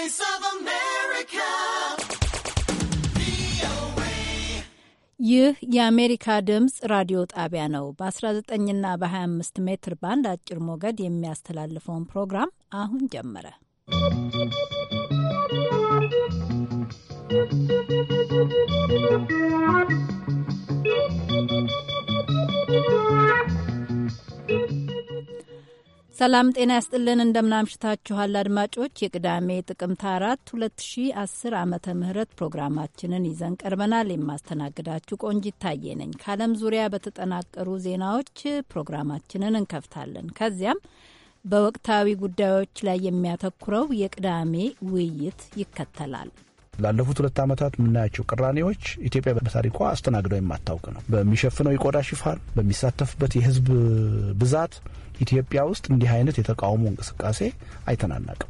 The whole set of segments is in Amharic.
Voice of America. ይህ የአሜሪካ ድምፅ ራዲዮ ጣቢያ ነው። በ19ና በ25 ሜትር ባንድ አጭር ሞገድ የሚያስተላልፈውን ፕሮግራም አሁን ጀመረ። ሰላም ጤና ያስጥልን። እንደምናምሽታችኋል አድማጮች። የቅዳሜ ጥቅምት አራት 2010 ዓመተ ምህረት ፕሮግራማችንን ይዘን ቀርበናል። የማስተናግዳችሁ ቆንጂ ታዬ ነኝ። ከዓለም ዙሪያ በተጠናቀሩ ዜናዎች ፕሮግራማችንን እንከፍታለን። ከዚያም በወቅታዊ ጉዳዮች ላይ የሚያተኩረው የቅዳሜ ውይይት ይከተላል። ላለፉት ሁለት ዓመታት የምናያቸው ቅራኔዎች ኢትዮጵያ በታሪኳ አስተናግደው የማታውቅ ነው። በሚሸፍነው የቆዳ ሽፋን፣ በሚሳተፍበት የህዝብ ብዛት ኢትዮጵያ ውስጥ እንዲህ አይነት የተቃውሞ እንቅስቃሴ አይተናናቅም።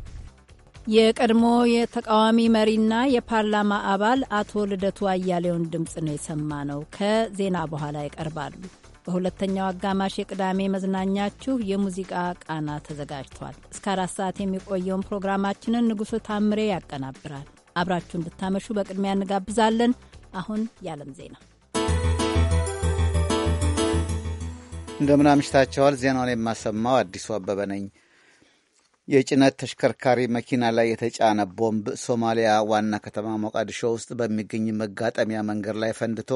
የቀድሞ የተቃዋሚ መሪና የፓርላማ አባል አቶ ልደቱ አያሌውን ድምፅ ነው የሰማ ነው። ከዜና በኋላ ይቀርባሉ። በሁለተኛው አጋማሽ የቅዳሜ መዝናኛችሁ የሙዚቃ ቃና ተዘጋጅቷል። እስከ አራት ሰዓት የሚቆየውን ፕሮግራማችንን ንጉሥ ታምሬ ያቀናብራል። አብራችሁ እንድታመሹ በቅድሚያ እንጋብዛለን። አሁን የዓለም ዜና እንደምን አምሽታችኋል። ዜናውን የማሰማው አዲሱ አበበ ነኝ። የጭነት ተሽከርካሪ መኪና ላይ የተጫነ ቦምብ ሶማሊያ ዋና ከተማ ሞቃዲሾ ውስጥ በሚገኝ መጋጠሚያ መንገድ ላይ ፈንድቶ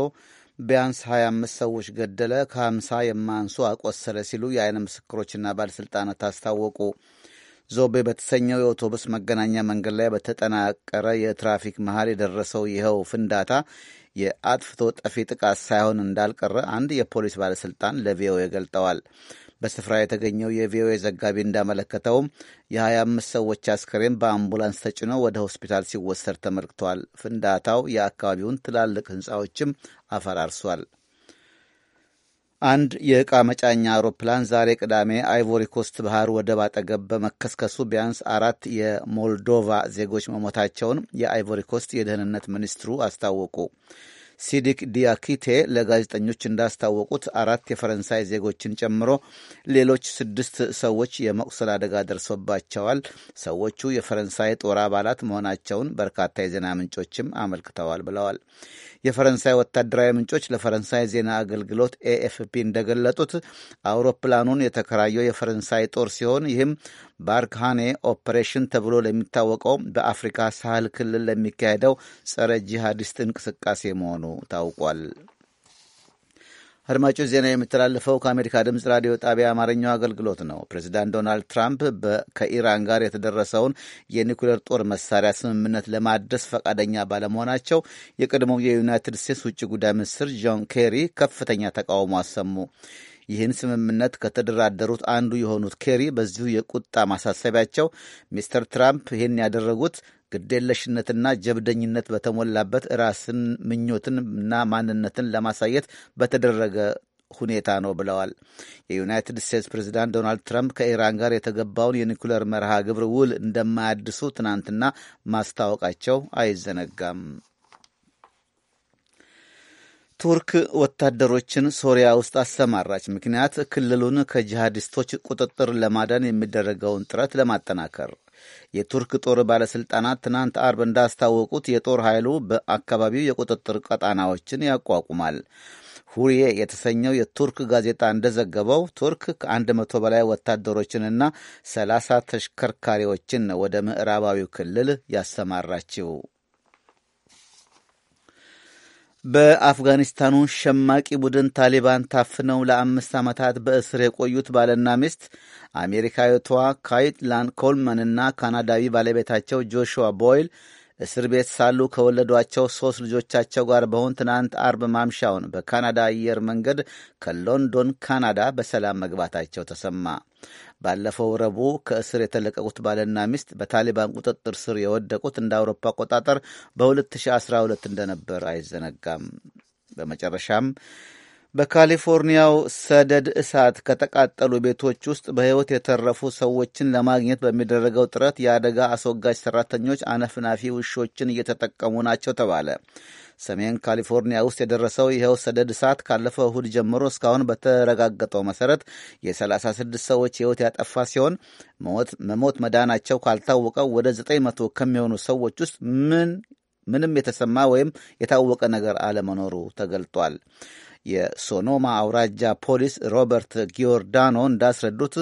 ቢያንስ 25 ሰዎች ገደለ፣ ከ50 የማያንሱ አቆሰለ ሲሉ የዓይን ምስክሮችና ባለሥልጣናት አስታወቁ። ዞቤ በተሰኘው የአውቶቡስ መገናኛ መንገድ ላይ በተጠናቀረ የትራፊክ መሃል የደረሰው ይኸው ፍንዳታ የአጥፍቶ ጠፊ ጥቃት ሳይሆን እንዳልቀረ አንድ የፖሊስ ባለሥልጣን ለቪኦኤ ገልጠዋል። በስፍራ የተገኘው የቪኦኤ ዘጋቢ እንዳመለከተውም የ25 ሰዎች አስከሬን በአምቡላንስ ተጭኖ ወደ ሆስፒታል ሲወሰድ ተመልክቷል። ፍንዳታው የአካባቢውን ትላልቅ ሕንፃዎችም አፈራርሷል። አንድ የዕቃ መጫኛ አውሮፕላን ዛሬ ቅዳሜ አይቮሪ ኮስት ባህር ወደብ አጠገብ በመከስከሱ ቢያንስ አራት የሞልዶቫ ዜጎች መሞታቸውን የአይቮሪ ኮስት የደህንነት ሚኒስትሩ አስታወቁ። ሲዲክ ዲያኪቴ ለጋዜጠኞች እንዳስታወቁት አራት የፈረንሳይ ዜጎችን ጨምሮ ሌሎች ስድስት ሰዎች የመቁሰል አደጋ ደርሶባቸዋል። ሰዎቹ የፈረንሳይ ጦር አባላት መሆናቸውን በርካታ የዜና ምንጮችም አመልክተዋል ብለዋል። የፈረንሳይ ወታደራዊ ምንጮች ለፈረንሳይ ዜና አገልግሎት ኤኤፍፒ እንደገለጡት አውሮፕላኑን የተከራየው የፈረንሳይ ጦር ሲሆን ይህም ባርክሃኔ ኦፕሬሽን ተብሎ ለሚታወቀው በአፍሪካ ሳህል ክልል ለሚካሄደው ጸረ ጂሃዲስት እንቅስቃሴ መሆኑ ታውቋል። አድማጮች ዜና የሚተላለፈው ከአሜሪካ ድምፅ ራዲዮ ጣቢያ አማርኛው አገልግሎት ነው። ፕሬዚዳንት ዶናልድ ትራምፕ ከኢራን ጋር የተደረሰውን የኒኩሌር ጦር መሳሪያ ስምምነት ለማደስ ፈቃደኛ ባለመሆናቸው የቀድሞው የዩናይትድ ስቴትስ ውጭ ጉዳይ ሚኒስትር ጆን ኬሪ ከፍተኛ ተቃውሞ አሰሙ። ይህን ስምምነት ከተደራደሩት አንዱ የሆኑት ኬሪ በዚሁ የቁጣ ማሳሰቢያቸው ሚስተር ትራምፕ ይህን ያደረጉት ግዴለሽነትና ጀብደኝነት በተሞላበት ራስን ምኞትን እና ማንነትን ለማሳየት በተደረገ ሁኔታ ነው ብለዋል። የዩናይትድ ስቴትስ ፕሬዚዳንት ዶናልድ ትራምፕ ከኢራን ጋር የተገባውን የኒኩለር መርሃ ግብር ውል እንደማያድሱ ትናንትና ማስታወቃቸው አይዘነጋም። ቱርክ ወታደሮችን ሶሪያ ውስጥ አሰማራች። ምክንያት ክልሉን ከጂሃዲስቶች ቁጥጥር ለማዳን የሚደረገውን ጥረት ለማጠናከር። የቱርክ ጦር ባለሥልጣናት ትናንት አርብ እንዳስታወቁት የጦር ኃይሉ በአካባቢው የቁጥጥር ቀጣናዎችን ያቋቁማል። ሁሪዬ የተሰኘው የቱርክ ጋዜጣ እንደዘገበው ቱርክ ከ100 በላይ ወታደሮችንና 30 ተሽከርካሪዎችን ወደ ምዕራባዊው ክልል ያሰማራችው በአፍጋኒስታኑ ሸማቂ ቡድን ታሊባን ታፍነው ለአምስት ዓመታት በእስር የቆዩት ባልና ሚስት አሜሪካዊቷ ካይትላን ኮልመንና ካናዳዊ ባለቤታቸው ጆሹዋ ቦይል እስር ቤት ሳሉ ከወለዷቸው ሦስት ልጆቻቸው ጋር በሆን ትናንት አርብ ማምሻውን በካናዳ አየር መንገድ ከሎንዶን ካናዳ በሰላም መግባታቸው ተሰማ። ባለፈው ረቡዕ ከእስር የተለቀቁት ባልና ሚስት በታሊባን ቁጥጥር ስር የወደቁት እንደ አውሮፓ አቆጣጠር በ2012 እንደነበር አይዘነጋም። በመጨረሻም በካሊፎርኒያው ሰደድ እሳት ከተቃጠሉ ቤቶች ውስጥ በሕይወት የተረፉ ሰዎችን ለማግኘት በሚደረገው ጥረት የአደጋ አስወጋጅ ሰራተኞች አነፍናፊ ውሾችን እየተጠቀሙ ናቸው ተባለ። ሰሜን ካሊፎርኒያ ውስጥ የደረሰው ይኸው ሰደድ እሳት ካለፈው እሁድ ጀምሮ እስካሁን በተረጋገጠው መሰረት የ36 ሰዎች ሕይወት ያጠፋ ሲሆን መሞት መዳናቸው ካልታወቀው ወደ 900 ከሚሆኑ ሰዎች ውስጥ ምን ምንም የተሰማ ወይም የታወቀ ነገር አለመኖሩ ተገልጧል። የሶኖማ አውራጃ ፖሊስ ሮበርት ጊዮርዳኖ እንዳስረዱት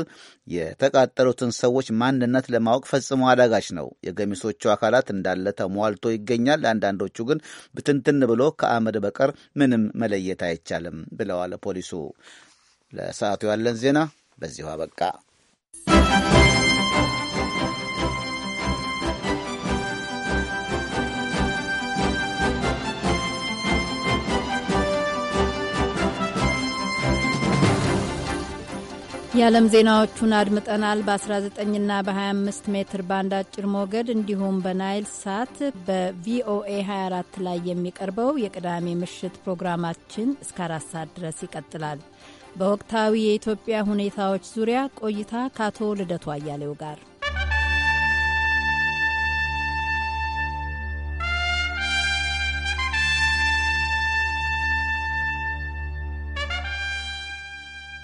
የተቃጠሉትን ሰዎች ማንነት ለማወቅ ፈጽሞ አዳጋች ነው። የገሚሶቹ አካላት እንዳለ ተሟልቶ ይገኛል። አንዳንዶቹ ግን ብትንትን ብሎ ከአመድ በቀር ምንም መለየት አይቻልም ብለዋል ፖሊሱ። ለሰዓቱ ያለን ዜና በዚሁ አበቃ። የዓለም ዜናዎቹን አድምጠናል። በ19ና በ25 ሜትር ባንድ አጭር ሞገድ እንዲሁም በናይል ሳት በቪኦኤ 24 ላይ የሚቀርበው የቅዳሜ ምሽት ፕሮግራማችን እስከ አራት ሰዓት ድረስ ይቀጥላል። በወቅታዊ የኢትዮጵያ ሁኔታዎች ዙሪያ ቆይታ ከአቶ ልደቱ አያሌው ጋር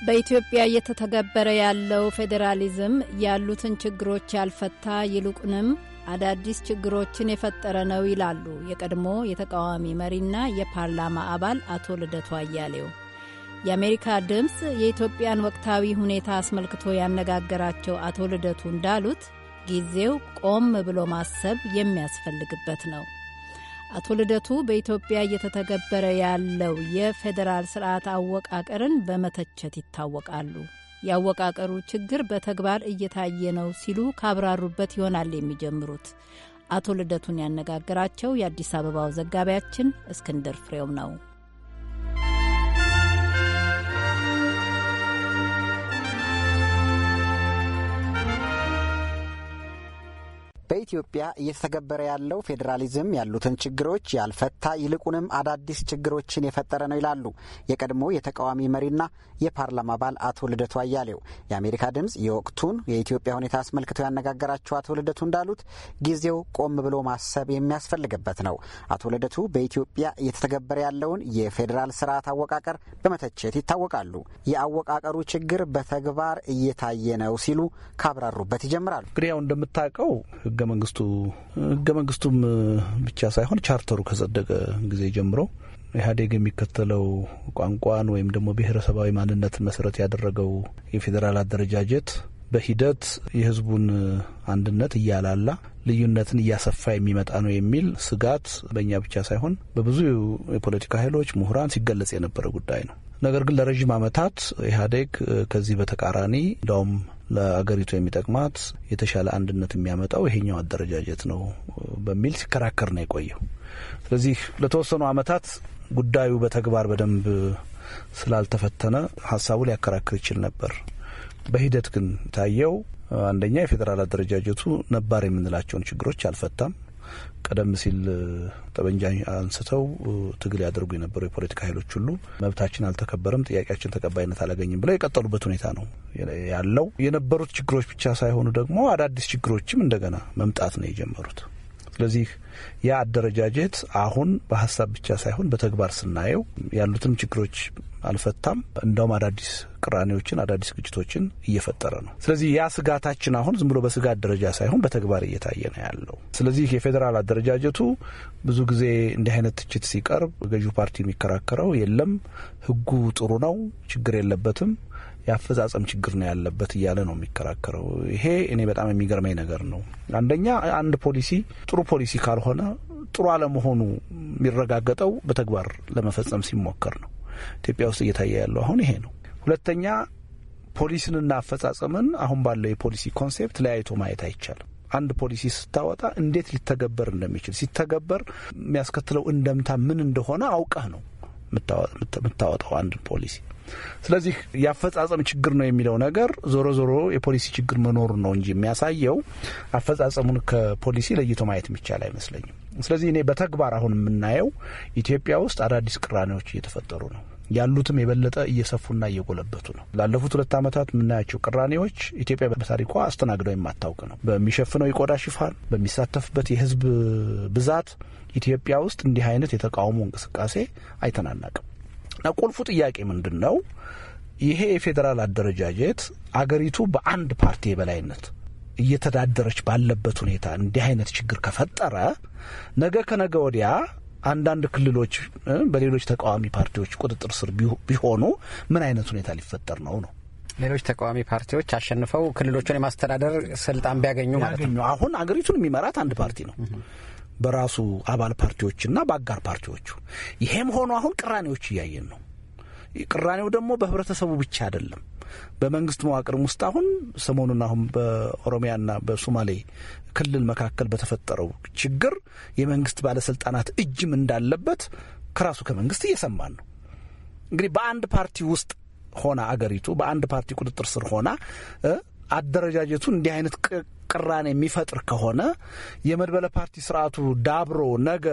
በኢትዮጵያ እየተተገበረ ያለው ፌዴራሊዝም ያሉትን ችግሮች ያልፈታ ይልቁንም አዳዲስ ችግሮችን የፈጠረ ነው ይላሉ የቀድሞ የተቃዋሚ መሪና የፓርላማ አባል አቶ ልደቱ አያሌው። የአሜሪካ ድምፅ የኢትዮጵያን ወቅታዊ ሁኔታ አስመልክቶ ያነጋገራቸው አቶ ልደቱ እንዳሉት ጊዜው ቆም ብሎ ማሰብ የሚያስፈልግበት ነው። አቶ ልደቱ በኢትዮጵያ እየተተገበረ ያለው የፌዴራል ስርዓት አወቃቀርን በመተቸት ይታወቃሉ። የአወቃቀሩ ችግር በተግባር እየታየ ነው ሲሉ ካብራሩበት ይሆናል የሚጀምሩት። አቶ ልደቱን ያነጋግራቸው የአዲስ አበባው ዘጋቢያችን እስክንድር ፍሬው ነው። በኢትዮጵያ እየተተገበረ ያለው ፌዴራሊዝም ያሉትን ችግሮች ያልፈታ ይልቁንም አዳዲስ ችግሮችን የፈጠረ ነው ይላሉ የቀድሞ የተቃዋሚ መሪና የፓርላማ አባል አቶ ልደቱ አያሌው። የአሜሪካ ድምፅ የወቅቱን የኢትዮጵያ ሁኔታ አስመልክተው ያነጋገራቸው አቶ ልደቱ እንዳሉት ጊዜው ቆም ብሎ ማሰብ የሚያስፈልግበት ነው። አቶ ልደቱ በኢትዮጵያ እየተተገበረ ያለውን የፌዴራል ስርዓት አወቃቀር በመተቸት ይታወቃሉ። የአወቃቀሩ ችግር በተግባር እየታየ ነው ሲሉ ካብራሩበት ይጀምራሉ። እንግዲህ ያው እንደምታውቀው ህገ መንግስቱ ህገ መንግስቱም ብቻ ሳይሆን ቻርተሩ ከጸደቀ ጊዜ ጀምሮ ኢህአዴግ የሚከተለው ቋንቋን ወይም ደግሞ ብሔረሰባዊ ማንነትን መሰረት ያደረገው የፌዴራል አደረጃጀት በሂደት የህዝቡን አንድነት እያላላ ልዩነትን እያሰፋ የሚመጣ ነው የሚል ስጋት በእኛ ብቻ ሳይሆን በብዙ የፖለቲካ ኃይሎች፣ ምሁራን ሲገለጽ የነበረ ጉዳይ ነው። ነገር ግን ለረዥም ዓመታት ኢህአዴግ ከዚህ በተቃራኒ እንዳውም ለአገሪቱ የሚጠቅማት የተሻለ አንድነት የሚያመጣው ይሄኛው አደረጃጀት ነው በሚል ሲከራከር ነው የቆየው። ስለዚህ ለተወሰኑ ዓመታት ጉዳዩ በተግባር በደንብ ስላልተፈተነ ሀሳቡ ሊያከራክር ይችል ነበር። በሂደት ግን ታየው አንደኛ የፌዴራል አደረጃጀቱ ነባር የምንላቸውን ችግሮች አልፈታም። ቀደም ሲል ጠመንጃ አንስተው ትግል ያደርጉ የነበሩ የፖለቲካ ኃይሎች ሁሉ መብታችን አልተከበረም፣ ጥያቄያችን ተቀባይነት አላገኝም ብለው የቀጠሉበት ሁኔታ ነው ያለው። የነበሩት ችግሮች ብቻ ሳይሆኑ ደግሞ አዳዲስ ችግሮችም እንደገና መምጣት ነው የጀመሩት። ስለዚህ ያ አደረጃጀት አሁን በሀሳብ ብቻ ሳይሆን በተግባር ስናየው ያሉትን ችግሮች አልፈታም፣ እንደውም አዳዲስ ቅራኔዎችን፣ አዳዲስ ግጭቶችን እየፈጠረ ነው። ስለዚህ ያ ስጋታችን አሁን ዝም ብሎ በስጋት ደረጃ ሳይሆን በተግባር እየታየ ነው ያለው። ስለዚህ የፌዴራል አደረጃጀቱ ብዙ ጊዜ እንዲህ አይነት ትችት ሲቀርብ ገዢው ፓርቲ የሚከራከረው የለም፣ ህጉ ጥሩ ነው፣ ችግር የለበትም የአፈጻጸም ችግር ነው ያለበት እያለ ነው የሚከራከረው። ይሄ እኔ በጣም የሚገርመኝ ነገር ነው። አንደኛ አንድ ፖሊሲ ጥሩ ፖሊሲ ካልሆነ ጥሩ አለመሆኑ የሚረጋገጠው በተግባር ለመፈጸም ሲሞከር ነው። ኢትዮጵያ ውስጥ እየታየ ያለው አሁን ይሄ ነው። ሁለተኛ ፖሊሲንና አፈጻጸምን አሁን ባለው የፖሊሲ ኮንሴፕት ለያይቶ ማየት አይቻልም። አንድ ፖሊሲ ስታወጣ እንዴት ሊተገበር እንደሚችል ሲተገበር የሚያስከትለው እንደምታ ምን እንደሆነ አውቀህ ነው የምታወጣው አንድን ፖሊሲ ስለዚህ የአፈጻጸም ችግር ነው የሚለው ነገር ዞሮ ዞሮ የፖሊሲ ችግር መኖሩ ነው እንጂ የሚያሳየው አፈጻጸሙን ከፖሊሲ ለይቶ ማየት የሚቻል አይመስለኝም። ስለዚህ እኔ በተግባር አሁን የምናየው ኢትዮጵያ ውስጥ አዳዲስ ቅራኔዎች እየተፈጠሩ ነው ያሉትም የበለጠ እየሰፉና እየጎለበቱ ነው። ላለፉት ሁለት ዓመታት የምናያቸው ቅራኔዎች ኢትዮጵያ በታሪኳ አስተናግደው የማታውቅ ነው። በሚሸፍነው የቆዳ ሽፋን፣ በሚሳተፍበት የህዝብ ብዛት ኢትዮጵያ ውስጥ እንዲህ አይነት የተቃውሞ እንቅስቃሴ አይተናናቅም። እና ቁልፉ ጥያቄ ምንድን ነው? ይሄ የፌዴራል አደረጃጀት አገሪቱ በአንድ ፓርቲ የበላይነት እየተዳደረች ባለበት ሁኔታ እንዲህ አይነት ችግር ከፈጠረ ነገ ከነገ ወዲያ አንዳንድ ክልሎች በሌሎች ተቃዋሚ ፓርቲዎች ቁጥጥር ስር ቢሆኑ ምን አይነት ሁኔታ ሊፈጠር ነው ነው ሌሎች ተቃዋሚ ፓርቲዎች አሸንፈው ክልሎቹን የማስተዳደር ስልጣን ቢያገኙ ማለት ነው። አሁን አገሪቱን የሚመራት አንድ ፓርቲ ነው። በራሱ አባል ፓርቲዎችና በአጋር ፓርቲዎቹ። ይሄም ሆኖ አሁን ቅራኔዎች እያየን ነው። ቅራኔው ደግሞ በህብረተሰቡ ብቻ አይደለም። በመንግስት መዋቅርም ውስጥ አሁን ሰሞኑን አሁን በኦሮሚያና በሶማሌ ክልል መካከል በተፈጠረው ችግር የመንግስት ባለስልጣናት እጅም እንዳለበት ከራሱ ከመንግስት እየሰማን ነው። እንግዲህ በአንድ ፓርቲ ውስጥ ሆና አገሪቱ በአንድ ፓርቲ ቁጥጥር ስር ሆና አደረጃጀቱ እንዲህ አይነት ቅራኔ የሚፈጥር ከሆነ የመድበለ ፓርቲ ስርዓቱ ዳብሮ ነገ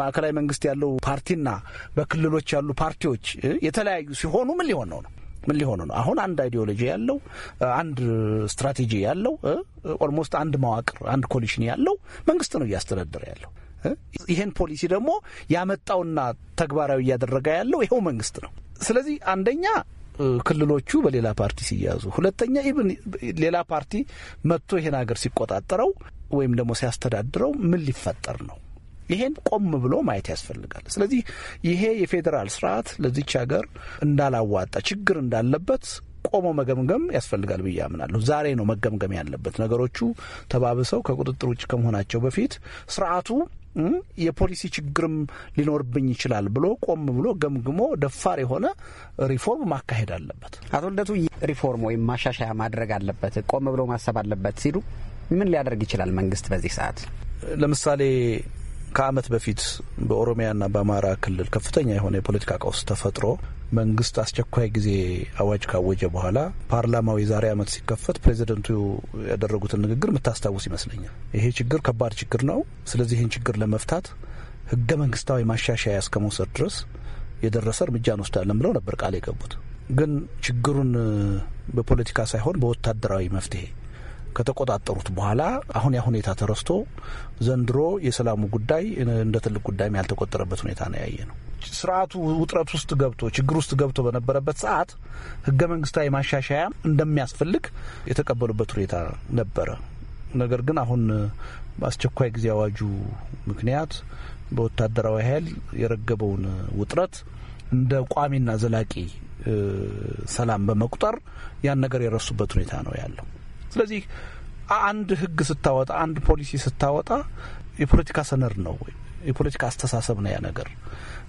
ማዕከላዊ መንግስት ያለው ፓርቲና በክልሎች ያሉ ፓርቲዎች የተለያዩ ሲሆኑ ምን ሊሆን ነው ነው ምን ሊሆኑ ነው? አሁን አንድ አይዲዮሎጂ ያለው አንድ ስትራቴጂ ያለው ኦልሞስት አንድ መዋቅር አንድ ኮሊሽን ያለው መንግስት ነው እያስተዳደረ ያለው። ይህን ፖሊሲ ደግሞ ያመጣውና ተግባራዊ እያደረገ ያለው ይኸው መንግስት ነው። ስለዚህ አንደኛ ክልሎቹ በሌላ ፓርቲ ሲያዙ፣ ሁለተኛ ኢብን ሌላ ፓርቲ መጥቶ ይሄን ሀገር ሲቆጣጠረው ወይም ደግሞ ሲያስተዳድረው ምን ሊፈጠር ነው? ይሄን ቆም ብሎ ማየት ያስፈልጋል። ስለዚህ ይሄ የፌዴራል ስርዓት ለዚች ሀገር እንዳላዋጣ ችግር እንዳለበት ቆሞ መገምገም ያስፈልጋል ብዬ አምናለሁ። ዛሬ ነው መገምገም ያለበት። ነገሮቹ ተባብሰው ከቁጥጥር ውጭ ከመሆናቸው በፊት ስርዓቱ የፖሊሲ ችግርም ሊኖርብኝ ይችላል ብሎ ቆም ብሎ ገምግሞ ደፋር የሆነ ሪፎርም ማካሄድ አለበት። አቶ ልደቱ ሪፎርም ወይም ማሻሻያ ማድረግ አለበት፣ ቆም ብሎ ማሰብ አለበት ሲሉ ምን ሊያደርግ ይችላል መንግስት በዚህ ሰዓት? ለምሳሌ ከአመት በፊት በኦሮሚያና በአማራ ክልል ከፍተኛ የሆነ የፖለቲካ ቀውስ ተፈጥሮ መንግስት አስቸኳይ ጊዜ አዋጅ ካወጀ በኋላ ፓርላማው የዛሬ ዓመት ሲከፈት ፕሬዚደንቱ ያደረጉትን ንግግር የምታስታውስ ይመስለኛል። ይሄ ችግር ከባድ ችግር ነው። ስለዚህ ይህን ችግር ለመፍታት ህገ መንግስታዊ ማሻሻያ እስከመውሰድ ድረስ የደረሰ እርምጃ እንወስዳለን ብለው ነበር ቃል የገቡት። ግን ችግሩን በፖለቲካ ሳይሆን በወታደራዊ መፍትሄ ከተቆጣጠሩት በኋላ አሁን ያ ሁኔታ ተረስቶ ዘንድሮ የሰላሙ ጉዳይ እንደ ትልቅ ጉዳይም ያልተቆጠረበት ሁኔታ ነው ያየ ነው። ስርዓቱ ውጥረት ውስጥ ገብቶ ችግር ውስጥ ገብቶ በነበረበት ሰዓት ህገ መንግስታዊ ማሻሻያ እንደሚያስፈልግ የተቀበሉበት ሁኔታ ነበረ። ነገር ግን አሁን በአስቸኳይ ጊዜ አዋጁ ምክንያት በወታደራዊ ኃይል የረገበውን ውጥረት እንደ ቋሚና ዘላቂ ሰላም በመቁጠር ያን ነገር የረሱበት ሁኔታ ነው ያለው። ስለዚህ አንድ ህግ ስታወጣ፣ አንድ ፖሊሲ ስታወጣ የፖለቲካ ሰነድ ነው ወይ የፖለቲካ አስተሳሰብ ነው ያ ነገር።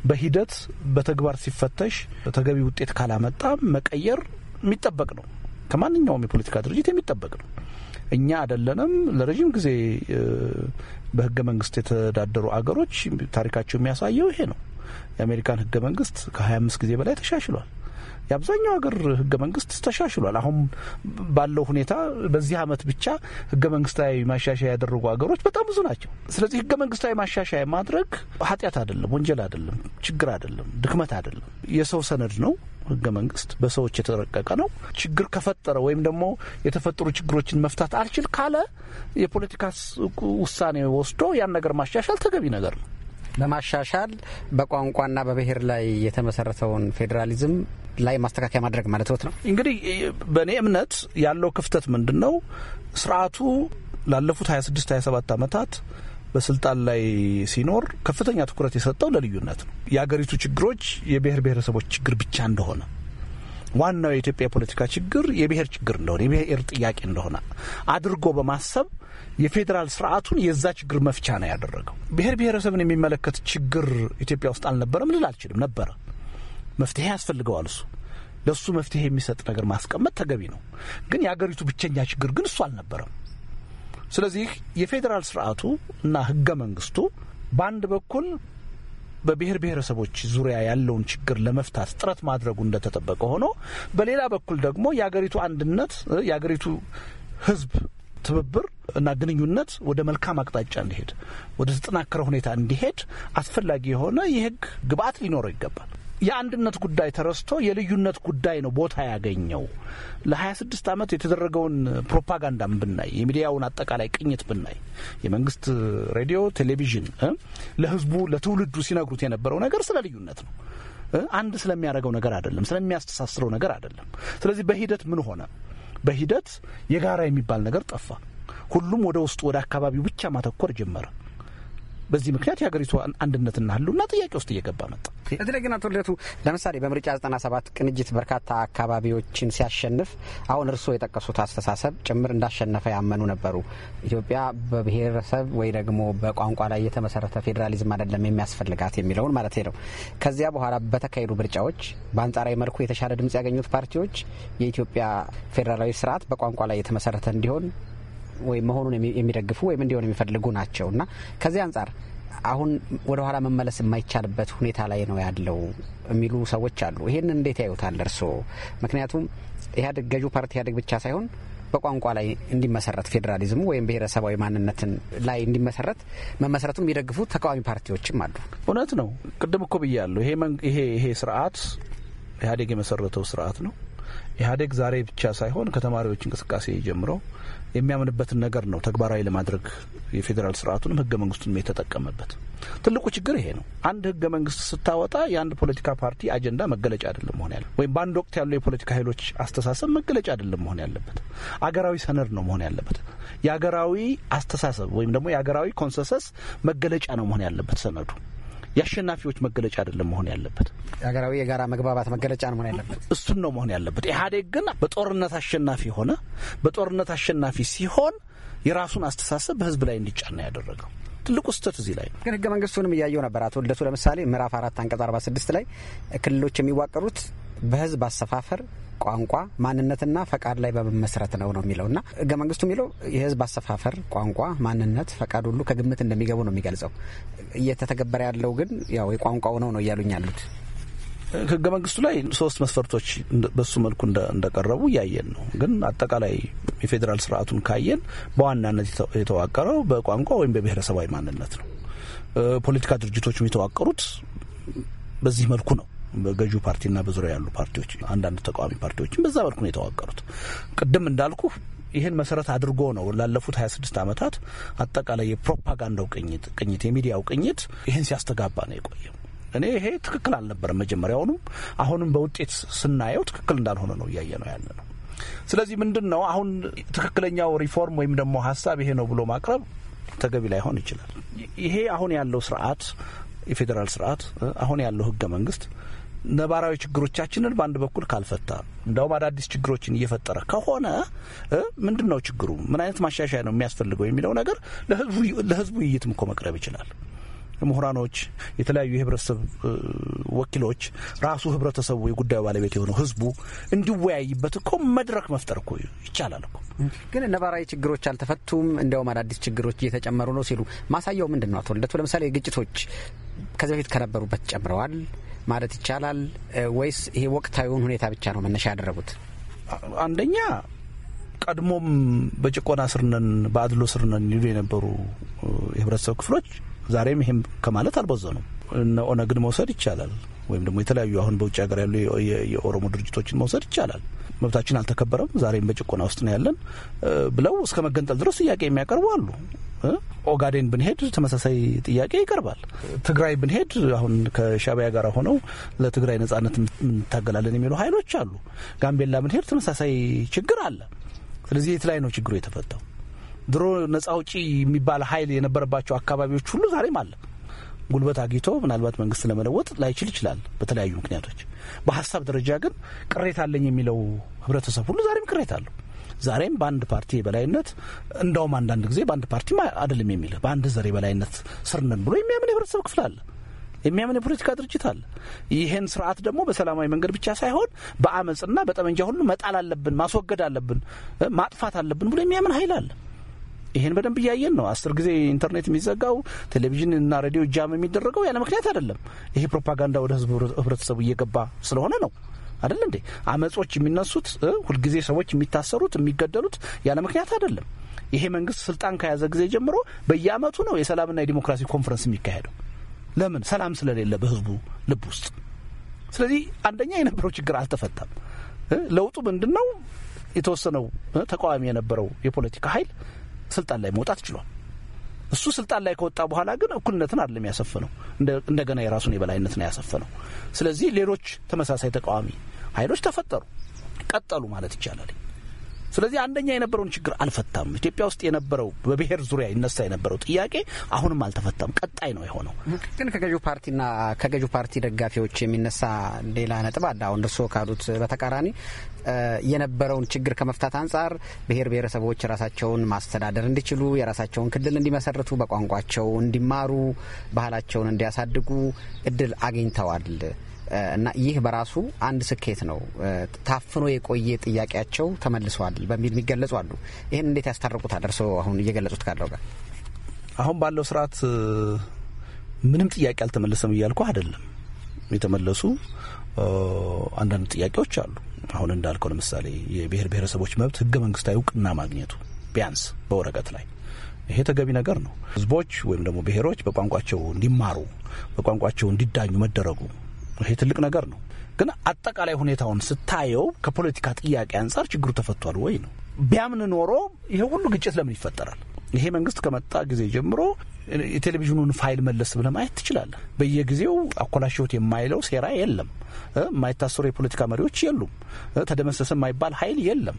በሂደት በተግባር ሲፈተሽ ተገቢ ውጤት ካላመጣ መቀየር የሚጠበቅ ነው። ከማንኛውም የፖለቲካ ድርጅት የሚጠበቅ ነው። እኛ አይደለንም ለረዥም ጊዜ በህገ መንግስት የተዳደሩ አገሮች ታሪካቸው የሚያሳየው ይሄ ነው። የአሜሪካን ህገ መንግስት ከ25 ጊዜ በላይ ተሻሽሏል። የአብዛኛው ሀገር ህገ መንግስት ተሻሽሏል። አሁን ባለው ሁኔታ በዚህ አመት ብቻ ህገ መንግስታዊ ማሻሻያ ያደረጉ ሀገሮች በጣም ብዙ ናቸው። ስለዚህ ህገ መንግስታዊ ማሻሻያ ማድረግ ኃጢአት አይደለም፣ ወንጀል አይደለም፣ ችግር አይደለም፣ ድክመት አይደለም። የሰው ሰነድ ነው። ህገ መንግስት በሰዎች የተረቀቀ ነው። ችግር ከፈጠረ ወይም ደግሞ የተፈጠሩ ችግሮችን መፍታት አልችል ካለ የፖለቲካ ውሳኔ ወስዶ ያን ነገር ማሻሻል ተገቢ ነገር ነው። በማሻሻል በቋንቋና በብሔር ላይ የተመሰረተውን ፌዴራሊዝም ላይ ማስተካከያ ማድረግ ማለት ወት ነው። እንግዲህ በእኔ እምነት ያለው ክፍተት ምንድን ነው? ስርዓቱ ላለፉት 26 27 ዓመታት በስልጣን ላይ ሲኖር ከፍተኛ ትኩረት የሰጠው ለልዩነት ነው። የአገሪቱ ችግሮች የብሔር ብሔረሰቦች ችግር ብቻ እንደሆነ ዋናው የኢትዮጵያ የፖለቲካ ችግር የብሔር ችግር እንደሆነ የብሔር ጥያቄ እንደሆነ አድርጎ በማሰብ የፌዴራል ስርዓቱን የዛ ችግር መፍቻ ነው ያደረገው። ብሔር ብሔረሰብን የሚመለከት ችግር ኢትዮጵያ ውስጥ አልነበረም ልል አልችልም። ነበረ። መፍትሄ ያስፈልገዋል። እሱ ለእሱ መፍትሄ የሚሰጥ ነገር ማስቀመጥ ተገቢ ነው። ግን የአገሪቱ ብቸኛ ችግር ግን እሱ አልነበረም። ስለዚህ የፌዴራል ስርዓቱ እና ህገ መንግስቱ በአንድ በኩል በብሔር ብሔረሰቦች ዙሪያ ያለውን ችግር ለመፍታት ጥረት ማድረጉ እንደተጠበቀ ሆኖ በሌላ በኩል ደግሞ የአገሪቱ አንድነት የአገሪቱ ህዝብ ትብብር እና ግንኙነት ወደ መልካም አቅጣጫ እንዲሄድ ወደ ተጠናከረ ሁኔታ እንዲሄድ አስፈላጊ የሆነ የህግ ግብአት ሊኖረው ይገባል። የአንድነት ጉዳይ ተረስቶ የልዩነት ጉዳይ ነው ቦታ ያገኘው። ለ26 ዓመት የተደረገውን ፕሮፓጋንዳም ብናይ፣ የሚዲያውን አጠቃላይ ቅኝት ብናይ፣ የመንግስት ሬዲዮ፣ ቴሌቪዥን ለህዝቡ ለትውልዱ ሲነግሩት የነበረው ነገር ስለ ልዩነት ነው። አንድ ስለሚያደርገው ነገር አይደለም፣ ስለሚያስተሳስረው ነገር አይደለም። ስለዚህ በሂደት ምን ሆነ? በሂደት የጋራ የሚባል ነገር ጠፋ። ሁሉም ወደ ውስጡ ወደ አካባቢው ብቻ ማተኮር ጀመረ። በዚህ ምክንያት የሀገሪቱ አንድነትና ህልውና ጥያቄ ውስጥ እየገባ መጣ። እዚህ ላይ ግን አቶ ልደቱ ለምሳሌ በምርጫ 97 ቅንጅት በርካታ አካባቢዎችን ሲያሸንፍ አሁን እርስዎ የጠቀሱት አስተሳሰብ ጭምር እንዳሸነፈ ያመኑ ነበሩ። ኢትዮጵያ በብሔረሰብ ወይ ደግሞ በቋንቋ ላይ የተመሰረተ ፌዴራሊዝም አይደለም የሚያስፈልጋት የሚለውን ማለት ነው። ከዚያ በኋላ በተካሄዱ ምርጫዎች በአንጻራዊ መልኩ የተሻለ ድምጽ ያገኙት ፓርቲዎች የኢትዮጵያ ፌዴራላዊ ስርዓት በቋንቋ ላይ የተመሰረተ እንዲሆን ወይም መሆኑን የሚደግፉ ወይም እንዲሆን የሚፈልጉ ናቸው እና ከዚህ አንጻር አሁን ወደኋላ መመለስ የማይቻልበት ሁኔታ ላይ ነው ያለው የሚሉ ሰዎች አሉ። ይህን እንዴት ያዩታል እርስዎ? ምክንያቱም ኢህአዴግ ገዢው ፓርቲ ኢህአዴግ ብቻ ሳይሆን በቋንቋ ላይ እንዲመሰረት ፌዴራሊዝሙ ወይም ብሔረሰባዊ ማንነትን ላይ እንዲመሰረት መመሰረቱ የሚደግፉ ተቃዋሚ ፓርቲዎችም አሉ። እውነት ነው። ቅድም እኮ ብያለሁ። ይሄ ይሄ ስርዓት ኢህአዴግ የመሰረተው ስርዓት ነው። ኢህአዴግ ዛሬ ብቻ ሳይሆን ከተማሪዎች እንቅስቃሴ ጀምሮ የሚያምንበትን ነገር ነው ተግባራዊ ለማድረግ የፌዴራል ስርዓቱንም ህገ መንግስቱንም የተጠቀመበት። ትልቁ ችግር ይሄ ነው። አንድ ህገ መንግስት ስታወጣ የአንድ ፖለቲካ ፓርቲ አጀንዳ መገለጫ አይደለም መሆን ያለ ወይም በአንድ ወቅት ያሉ የፖለቲካ ኃይሎች አስተሳሰብ መገለጫ አይደለም መሆን ያለበት። አገራዊ ሰነድ ነው መሆን ያለበት። የአገራዊ አስተሳሰብ ወይም ደግሞ የአገራዊ ኮንሰንሰስ መገለጫ ነው መሆን ያለበት ሰነዱ። የአሸናፊዎች መገለጫ አይደለም መሆን ያለበት። ሀገራዊ የጋራ መግባባት መገለጫ ነው መሆን ያለበት። እሱን ነው መሆን ያለበት። ኢህአዴግ ግን በጦርነት አሸናፊ ሆነ። በጦርነት አሸናፊ ሲሆን የራሱን አስተሳሰብ በህዝብ ላይ እንዲጫና ያደረገው ትልቁ ስህተት እዚህ ላይ ግን ህገ መንግስቱንም እያየው ነበር አቶ ልደቱ። ለምሳሌ ምዕራፍ አራት አንቀጽ አርባ ስድስት ላይ ክልሎች የሚዋቀሩት በህዝብ አሰፋፈር ቋንቋ ማንነትና ፈቃድ ላይ በመመስረት ነው ነው የሚለው እና ህገ መንግስቱ የሚለው የህዝብ አሰፋፈር ቋንቋ ማንነት ፈቃድ ሁሉ ከግምት እንደሚገቡ ነው የሚገልጸው። እየተተገበረ ያለው ግን ያው የቋንቋው ነው ነው እያሉኝ ያሉት። ህገ መንግስቱ ላይ ሶስት መስፈርቶች በሱ መልኩ እንደቀረቡ እያየን ነው። ግን አጠቃላይ የፌዴራል ስርዓቱን ካየን በዋናነት የተዋቀረው በቋንቋ ወይም በብሔረሰባዊ ማንነት ነው። ፖለቲካ ድርጅቶች የተዋቀሩት በዚህ መልኩ ነው። በገዢው ፓርቲና በዙሪያ ያሉ ፓርቲዎች፣ አንዳንድ ተቃዋሚ ፓርቲዎችም በዛ መልኩ ነው የተዋቀሩት። ቅድም እንዳልኩ ይህን መሰረት አድርጎ ነው ላለፉት 26 ዓመታት አጠቃላይ የፕሮፓጋንዳው ቅኝት ቅኝት የሚዲያው ቅኝት ይህን ሲያስተጋባ ነው የቆየው። እኔ ይሄ ትክክል አልነበረም መጀመሪያውኑም፣ አሁንም በውጤት ስናየው ትክክል እንዳልሆነ ነው እያየ ነው ያለ ነው። ስለዚህ ምንድን ነው አሁን ትክክለኛው ሪፎርም ወይም ደግሞ ሀሳብ ይሄ ነው ብሎ ማቅረብ ተገቢ ላይሆን ይችላል። ይሄ አሁን ያለው ስርዓት የፌዴራል ስርዓት አሁን ያለው ህገ መንግስት ነባራዊ ችግሮቻችንን በአንድ በኩል ካልፈታ እንዳውም አዳዲስ ችግሮችን እየፈጠረ ከሆነ ምንድን ነው ችግሩ? ምን አይነት ማሻሻያ ነው የሚያስፈልገው የሚለው ነገር ለህዝቡ ውይይትም እኮ መቅረብ ይችላል። ምሁራኖች፣ የተለያዩ የህብረተሰብ ወኪሎች፣ ራሱ ህብረተሰቡ የጉዳዩ ባለቤት የሆነው ህዝቡ እንዲወያይበት እኮ መድረክ መፍጠር እኮ ይቻላል እኮ። ግን ነባራዊ ችግሮች አልተፈቱም፣ እንዲያውም አዳዲስ ችግሮች እየተጨመሩ ነው ሲሉ ማሳያው ምንድን ነው? አቶ ልደቱ ለምሳሌ ግጭቶች ከዚህ በፊት ከነበሩበት ጨምረዋል። ማለት ይቻላል ወይስ ይሄ ወቅታዊውን ሁኔታ ብቻ ነው መነሻ ያደረጉት? አንደኛ ቀድሞም በጭቆና ስርነን በአድሎ ስርነን ይሉ የነበሩ የህብረተሰብ ክፍሎች ዛሬም ይሄም ከማለት አልቦዘኑም። እነ ኦነግን መውሰድ ይቻላል። ወይም ደግሞ የተለያዩ አሁን በውጭ ሀገር ያሉ የኦሮሞ ድርጅቶችን መውሰድ ይቻላል። መብታችን አልተከበረም፣ ዛሬም በጭቆና ውስጥ ነው ያለን ብለው እስከ መገንጠል ድረስ ጥያቄ የሚያቀርቡ አሉ። ኦጋዴን ብንሄድ ተመሳሳይ ጥያቄ ይቀርባል። ትግራይ ብንሄድ አሁን ከሻቢያ ጋር ሆነው ለትግራይ ነጻነት እንታገላለን የሚሉ ኃይሎች አሉ። ጋምቤላ ብንሄድ ተመሳሳይ ችግር አለ። ስለዚህ የት ላይ ነው ችግሩ የተፈታው? ድሮ ነጻ አውጪ የሚባል ኃይል የነበረባቸው አካባቢዎች ሁሉ ዛሬም አለ። ጉልበት አግኝቶ ምናልባት መንግስት ለመለወጥ ላይችል ይችላል በተለያዩ ምክንያቶች። በሀሳብ ደረጃ ግን ቅሬታ አለኝ የሚለው ህብረተሰብ ሁሉ ዛሬም ቅሬታ አለው። ዛሬም በአንድ ፓርቲ የበላይነት እንደውም አንዳንድ ጊዜ በአንድ ፓርቲ አይደለም የሚል በአንድ ዘር የበላይነት ስር ነን ብሎ የሚያምን የህብረተሰብ ክፍል አለ። የሚያምን የፖለቲካ ድርጅት አለ። ይህን ስርዓት ደግሞ በሰላማዊ መንገድ ብቻ ሳይሆን በአመፅና በጠመንጃ ሁሉ መጣል አለብን፣ ማስወገድ አለብን፣ ማጥፋት አለብን ብሎ የሚያምን ሀይል አለ። ይህን በደንብ እያየን ነው። አስር ጊዜ ኢንተርኔት የሚዘጋው ቴሌቪዥን እና ሬዲዮ ጃም የሚደረገው ያለ ምክንያት አይደለም። ይሄ ፕሮፓጋንዳ ወደ ህዝብ ህብረተሰቡ እየገባ ስለሆነ ነው። አይደል እንዴ? አመጾች የሚነሱት ሁልጊዜ ሰዎች የሚታሰሩት የሚገደሉት ያለ ምክንያት አይደለም። ይሄ መንግስት ስልጣን ከያዘ ጊዜ ጀምሮ በየአመቱ ነው የሰላምና የዲሞክራሲ ኮንፈረንስ የሚካሄደው። ለምን? ሰላም ስለሌለ በህዝቡ ልብ ውስጥ። ስለዚህ አንደኛ የነበረው ችግር አልተፈታም። ለውጡ ምንድን ነው? የተወሰነው ተቃዋሚ የነበረው የፖለቲካ ኃይል ስልጣን ላይ መውጣት ችሏል። እሱ ስልጣን ላይ ከወጣ በኋላ ግን እኩልነትን አይደለም ያሰፈነው፣ እንደገና የራሱን የበላይነት ነው ያሰፈነው። ስለዚህ ሌሎች ተመሳሳይ ተቃዋሚ ኃይሎች ተፈጠሩ፣ ቀጠሉ ማለት ይቻላል። ስለዚህ አንደኛ የነበረውን ችግር አልፈታም። ኢትዮጵያ ውስጥ የነበረው በብሔር ዙሪያ ይነሳ የነበረው ጥያቄ አሁንም አልተፈታም፣ ቀጣይ ነው የሆነው። ግን ከገዢው ፓርቲና ከገዢው ፓርቲ ደጋፊዎች የሚነሳ ሌላ ነጥብ አለ። አሁን እርስዎ ካሉት በተቃራኒ የነበረውን ችግር ከመፍታት አንጻር ብሔር ብሔረሰቦች ራሳቸውን ማስተዳደር እንዲችሉ፣ የራሳቸውን ክልል እንዲመሰርቱ፣ በቋንቋቸው እንዲማሩ፣ ባህላቸውን እንዲያሳድጉ እድል አግኝተዋል። እና ይህ በራሱ አንድ ስኬት ነው። ታፍኖ የቆየ ጥያቄያቸው ተመልሰዋል በሚል የሚገለጹ አሉ። ይህን እንዴት ያስታርቁታል? እርስዎ አሁን እየገለጹት ካለው ጋር አሁን ባለው ስርዓት ምንም ጥያቄ አልተመለሰም እያልኩ አይደለም። የተመለሱ አንዳንድ ጥያቄዎች አሉ። አሁን እንዳልከው ለምሳሌ የብሔር ብሔረሰቦች መብት ህገ መንግስታዊ እውቅና ማግኘቱ ቢያንስ በወረቀት ላይ ይሄ ተገቢ ነገር ነው። ህዝቦች ወይም ደግሞ ብሔሮች በቋንቋቸው እንዲማሩ በቋንቋቸው እንዲዳኙ መደረጉ ይሄ ትልቅ ነገር ነው። ግን አጠቃላይ ሁኔታውን ስታየው ከፖለቲካ ጥያቄ አንጻር ችግሩ ተፈቷል ወይ ነው። ቢያምን ኖሮ ይሄ ሁሉ ግጭት ለምን ይፈጠራል? ይሄ መንግስት ከመጣ ጊዜ ጀምሮ የቴሌቪዥኑን ፋይል መለስ ብለህ ማየት ትችላለህ። በየጊዜው አኮላሽዎት የማይለው ሴራ የለም። የማይታሰሩ የፖለቲካ መሪዎች የሉም። ተደመሰሰ የማይባል ኃይል የለም።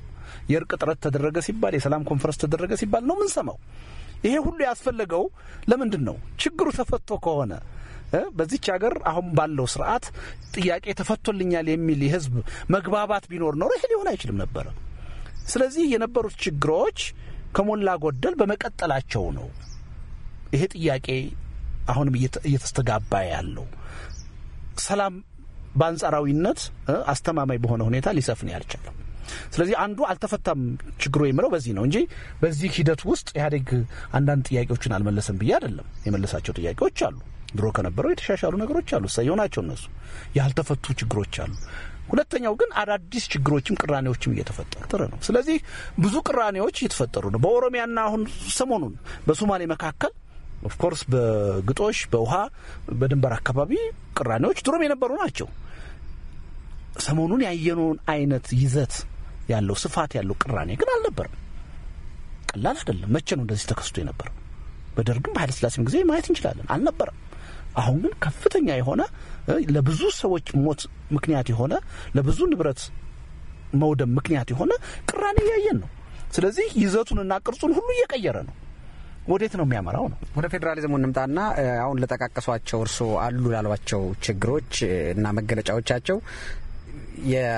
የእርቅ ጥረት ተደረገ ሲባል፣ የሰላም ኮንፈረንስ ተደረገ ሲባል ነው ሰማው። ይሄ ሁሉ ያስፈለገው ለምንድን ነው? ችግሩ ተፈቶ ከሆነ በዚች ሀገር አሁን ባለው ስርዓት ጥያቄ ተፈቶልኛል የሚል የህዝብ መግባባት ቢኖር ኖሮ ይሄ ሊሆን አይችልም ነበረ። ስለዚህ የነበሩት ችግሮች ከሞላ ጎደል በመቀጠላቸው ነው ይሄ ጥያቄ አሁንም እየተስተጋባ ያለው። ሰላም በአንጻራዊነት አስተማማኝ በሆነ ሁኔታ ሊሰፍን ያልቻለም። ስለዚህ አንዱ አልተፈታም ችግሩ የምለው በዚህ ነው እንጂ በዚህ ሂደት ውስጥ ኢህአዴግ አንዳንድ ጥያቄዎችን አልመለሰም ብዬ አይደለም። የመለሳቸው ጥያቄዎች አሉ። ድሮ ከነበረው የተሻሻሉ ነገሮች አሉ። ሰየው ናቸው እነሱ። ያልተፈቱ ችግሮች አሉ። ሁለተኛው ግን አዳዲስ ችግሮችም ቅራኔዎችም እየተፈጠሩ ነው። ስለዚህ ብዙ ቅራኔዎች እየተፈጠሩ ነው። በኦሮሚያና አሁን ሰሞኑን በሶማሌ መካከል ኦፍኮርስ በግጦሽ በውሃ በድንበር አካባቢ ቅራኔዎች ድሮም የነበሩ ናቸው። ሰሞኑን ያየነውን አይነት ይዘት ያለው ስፋት ያለው ቅራኔ ግን አልነበረም። ቀላል አይደለም። መቼ ነው እንደዚህ ተከስቶ የነበረው? በደርግም በኃይለስላሴም ጊዜ ማየት እንችላለን። አልነበረም። አሁን ግን ከፍተኛ የሆነ ለብዙ ሰዎች ሞት ምክንያት የሆነ ለብዙ ንብረት መውደም ምክንያት የሆነ ቅራኔ እያየን ነው። ስለዚህ ይዘቱንና ቅርጹን ሁሉ እየቀየረ ነው። ወዴት ነው የሚያመራው? ነው ወደ ፌዴራሊዝሙ እንምጣና አሁን ለጠቃቀሷቸው እርስዎ አሉ ላሏቸው ችግሮች እና መገለጫዎቻቸው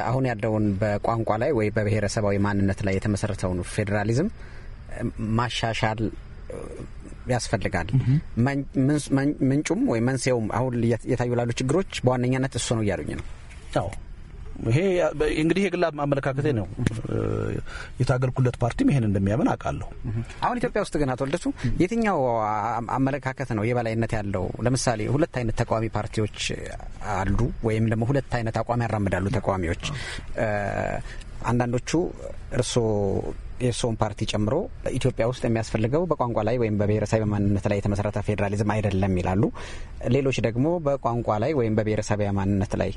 አሁን ያለውን በቋንቋ ላይ ወይ በብሔረሰባዊ ማንነት ላይ የተመሰረተውን ፌዴራሊዝም ማሻሻል ያስፈልጋል። ምንጩም ወይም መንስኤውም አሁን እየታዩ ላሉ ችግሮች በዋነኛነት እሱ ነው እያሉኝ ነው። ይሄ እንግዲህ የግላ አመለካከቴ ነው። የታገልኩለት ፓርቲም ይሄን እንደሚያምን አውቃለሁ። አሁን ኢትዮጵያ ውስጥ ግን አቶ ልደቱ የትኛው አመለካከት ነው የበላይነት ያለው? ለምሳሌ ሁለት አይነት ተቃዋሚ ፓርቲዎች አሉ፣ ወይም ደግሞ ሁለት አይነት አቋም ያራምዳሉ ተቃዋሚዎች አንዳንዶቹ እርስዎ የእርስዎን ፓርቲ ጨምሮ ኢትዮጵያ ውስጥ የሚያስፈልገው በቋንቋ ላይ ወይም በብሔረሰብ ማንነት ላይ የተመሰረተ ፌዴራሊዝም አይደለም ይላሉ። ሌሎች ደግሞ በቋንቋ ላይ ወይም በብሔረሰብ ማንነት ላይ